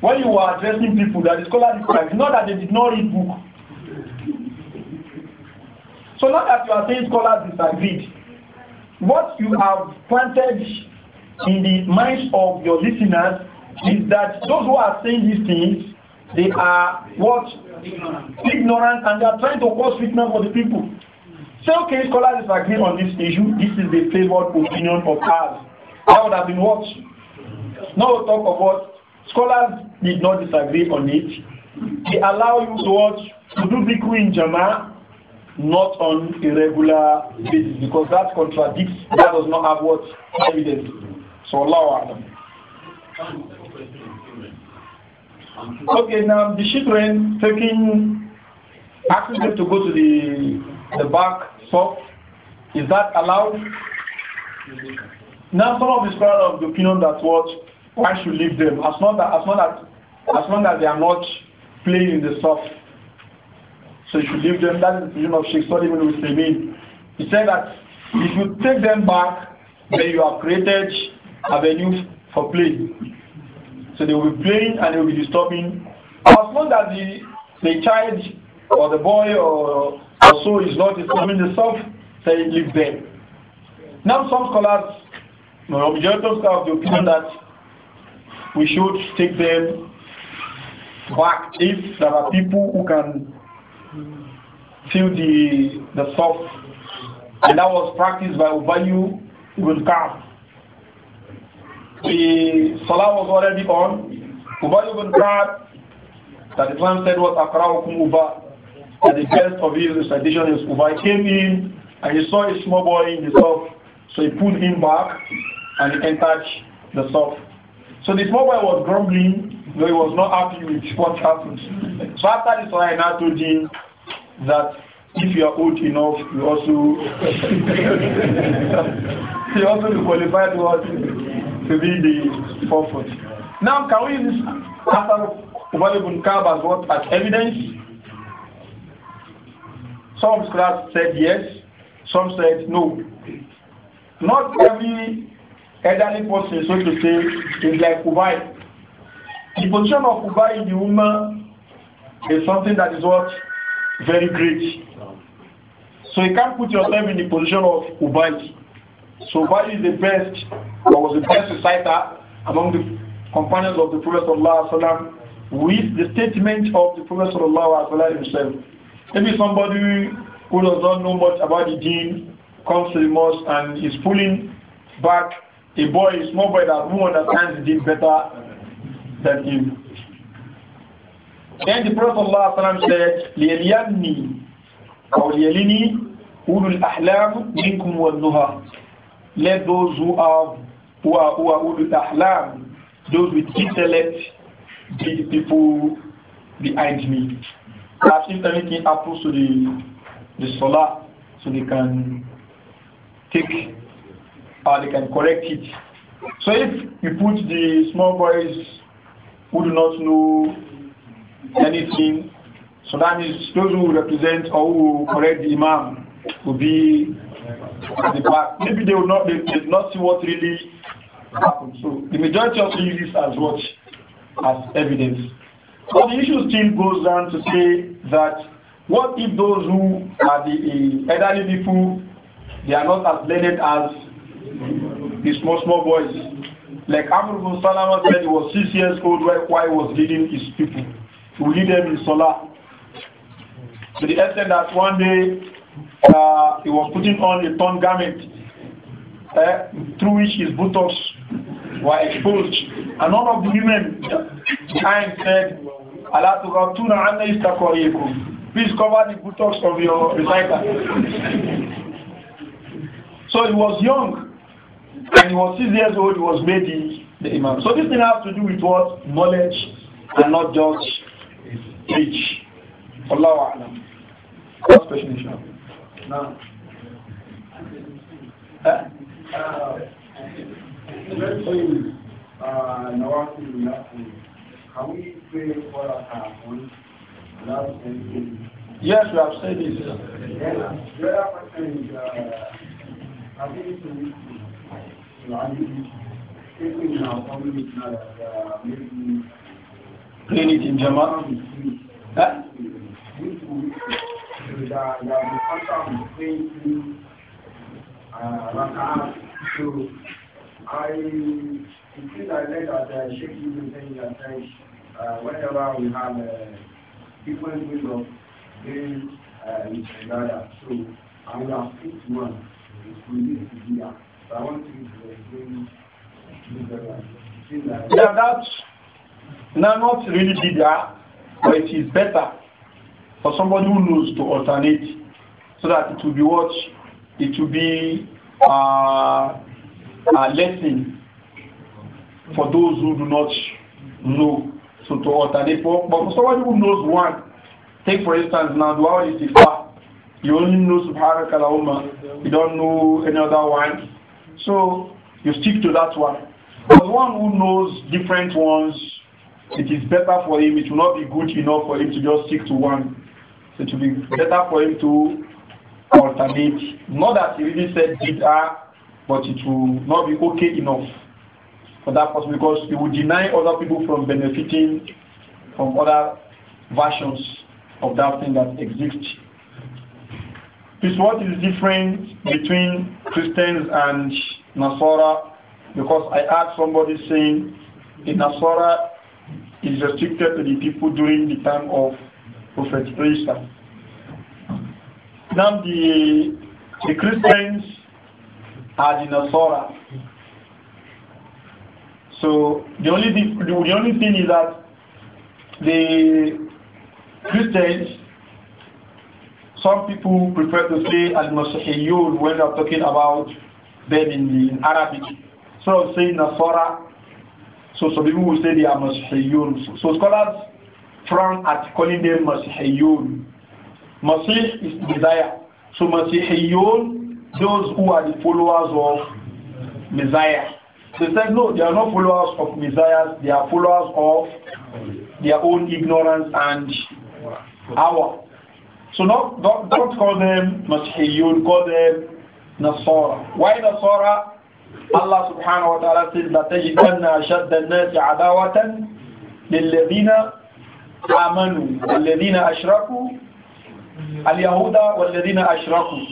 when you were addressing people that the scholar not that they did not read book. So not that you are saying scholars disagreed. What you have planted in the minds of your listeners is that those who are saying these things, they are what? Ignorant. Ignorant and they are trying to cause fitna for the people. Say, so, okay, scholars disagree on this issue. This is the favored opinion of ours. That would have been what? No talk about Scholars did not disagree on it. They allow you to watch to do bhikkhu in Jama, not on a regular basis, because that contradicts, that does not have what evidence. So Allah them. Okay, now the children taking asking them to go to the the back shop, is that allowed? Now some of the scholars of the opinion that what one should leave them as long as, as, long as, as, long as they are not playing in the soft. So you should leave them. That is the decision of Sheikh Solomon listening. He said that if you take them back, then you have created venue for play. So they will be playing and they will be disturbing. As long as the, the child or the boy or, or so is not disturbing the soft, then you leave them. Now some scholars, no know, majority of scholars, the opinion that we should take them back if there are people who can feel the the soft. And that was practiced by Ubayu ibn Ka'b. The salah was already on. Ubayu ibn Ka'b, that Islam said was Akra'ukum Uba. That the best of his recitation is Uba. He came in and he saw a small boy in the soft. So he pulled him back and he can touch the soft. So this mobile was grumbling, though he was not happy with what happened. So after this, I now told him that if you are old enough, you also you also qualified to, to be the prophet. Now, can we use Asar Ubal Kab as what as evidence? Some scholars said yes, some said no. Not every elderly person, so to say, is like Ubay. The position of Ubay in the woman is something that is what? Very great. So you can't put yourself in the position of Ubay. So Ubay is the best, or was the best reciter among the companions of the Prophet Sallallahu with the statement of the Prophet Sallallahu himself. Maybe somebody who does not know much about the deen comes to the mosque and is pulling back a boy, a small boy that who understands the better than him. Then the Prophet ﷺ said, لِيَلْيَمْنِي أو لِيَلِنِي أُولُو الْأَحْلَامُ مِنْكُمْ وَالنُّهَى Let those who are who are who are ulul ahlam, those with intellect, be the people behind me. Perhaps if anything happens to the the solar, so they can take or uh, they can correct it. So if you put the small boys who do not know anything, so that means those who represent or who correct the imam will be at the back. Maybe they will not they, they not see what really happened. So the majority of see this as what as evidence. But the issue still goes down to say that what if those who are the elderly people they are not as blended as his small, small boys. Like Amr ibn Salama said, he was six years old while he was leading his people. to lead them in Salah. To the extent that one day uh, he was putting on a torn garment uh, through which his buttocks were exposed. And one of the women behind said, Allah tuqatuna anna istakoriyakum. Please cover the buttocks of your reciter. so he was young. When he was six years old, he was made the, the Imam. So this thing has to do with what? Knowledge and not just age. Allahu Alam. First question, inshallah. No. Eh? Uh, uh, uh, yes, we have said this. Yeah. Clean it in Jama. Huh? Uh, so I think I read that uh, Sheikh Ibn saying that uh, whenever we have uh, different ways of doing uh, each So I will have picked one. to be be I want to yeah, that's now not really bigger, but it is better for somebody who knows to alternate so that it will be what it will be uh, a lesson for those who do not know. So to alternate, but, but for somebody who knows one, take for instance now dua al-istighfar. You only know subhanaka Allahumma. You don't know any other one. So you stick to that one. But one who knows different ones, it is better for him, it will not be good enough for him to just stick to one. So it will be better for him to alternate. Not that he really said bid'ah, but it will not be okay enough for that person because he will deny other people from benefiting from other versions of that thing that exists is what is different between Christians and Nasara because I heard somebody saying the Nasara is restricted to the people during the time of Prophet Isa. Now the, the Christians are the Nasara. So the only, the, the only thing is that the Christians some people prefer to say Al-Masihiyun when they are talking about them in, in Arabic. So saying Nasara, so some people will say they are Masihiyun. So scholars frown at calling them Masihiyun. Masih is desire. So Masihiyun, those who are the followers of Messiah. They said, no, they are not followers of Messiah, they are followers of their own ignorance and our. So don't, don't, don't call them Masihiyun, call them Nasara. Why Nasara? Allah subhanahu wa ta'ala says that تَجِدَنَّ أَشَدَّ النَّاسِ عَدَاوَةً لِلَّذِينَ آمَنُوا وَالَّذِينَ أَشْرَكُوا الْيَهُودَ وَالَّذِينَ أَشْرَكُوا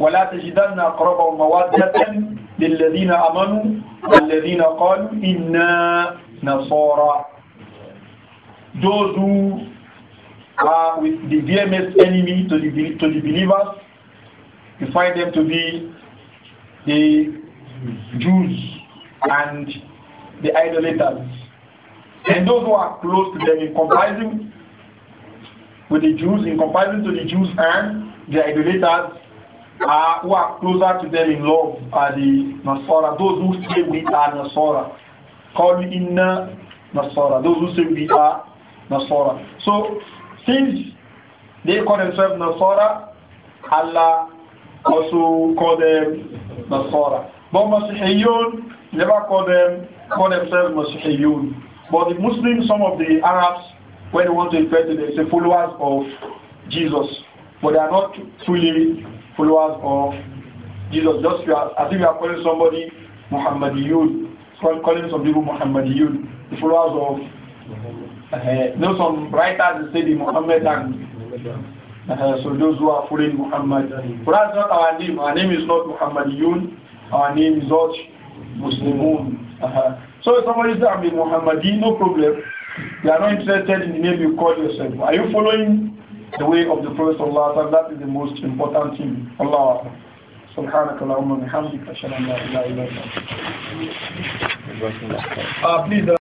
وَلَا تَجِدَنَّ أَقْرَبَهُمْ مَوَدَّةً لِلَّذِينَ آمَنُوا وَالَّذِينَ قَالُوا إِنَّا نَصَارَى Those who uh, with the BMS enemy to the, to the believers, you find them to be the Jews and the idolaters. And those who are close to them in comparison with the Jews, in comparison to the Jews and the idolaters, are who are closer to them in love are the Nasara. Those who say we are Nasara. Call inna Nasara. Those who say we are Nasara. So since they call themselves Nasara, Allah also call them Nasara. But Masihiyun never call them call themselves Masihiyun. But the Muslims, some of the Arabs, when they want to refer to them, say followers of Jesus. But they are not truly followers of Jesus. Just as if you are calling somebody Muhammadiyun, calling some people Muhammadiyun, the followers of no, eh, some writers say the Muhammadan. Eh, so those who are following Muhammad. But that's not our name. Our name is not Yun. Our name is not Muslimun. Eh, so if somebody says, I'm a Muhammadi, no problem. They are not interested in the name you call yourself. Are you following the way of the Prophet Allah? That is the most important thing. Allah. سبحانك اللهم وبحمدك اشهد ان لا اله الا انت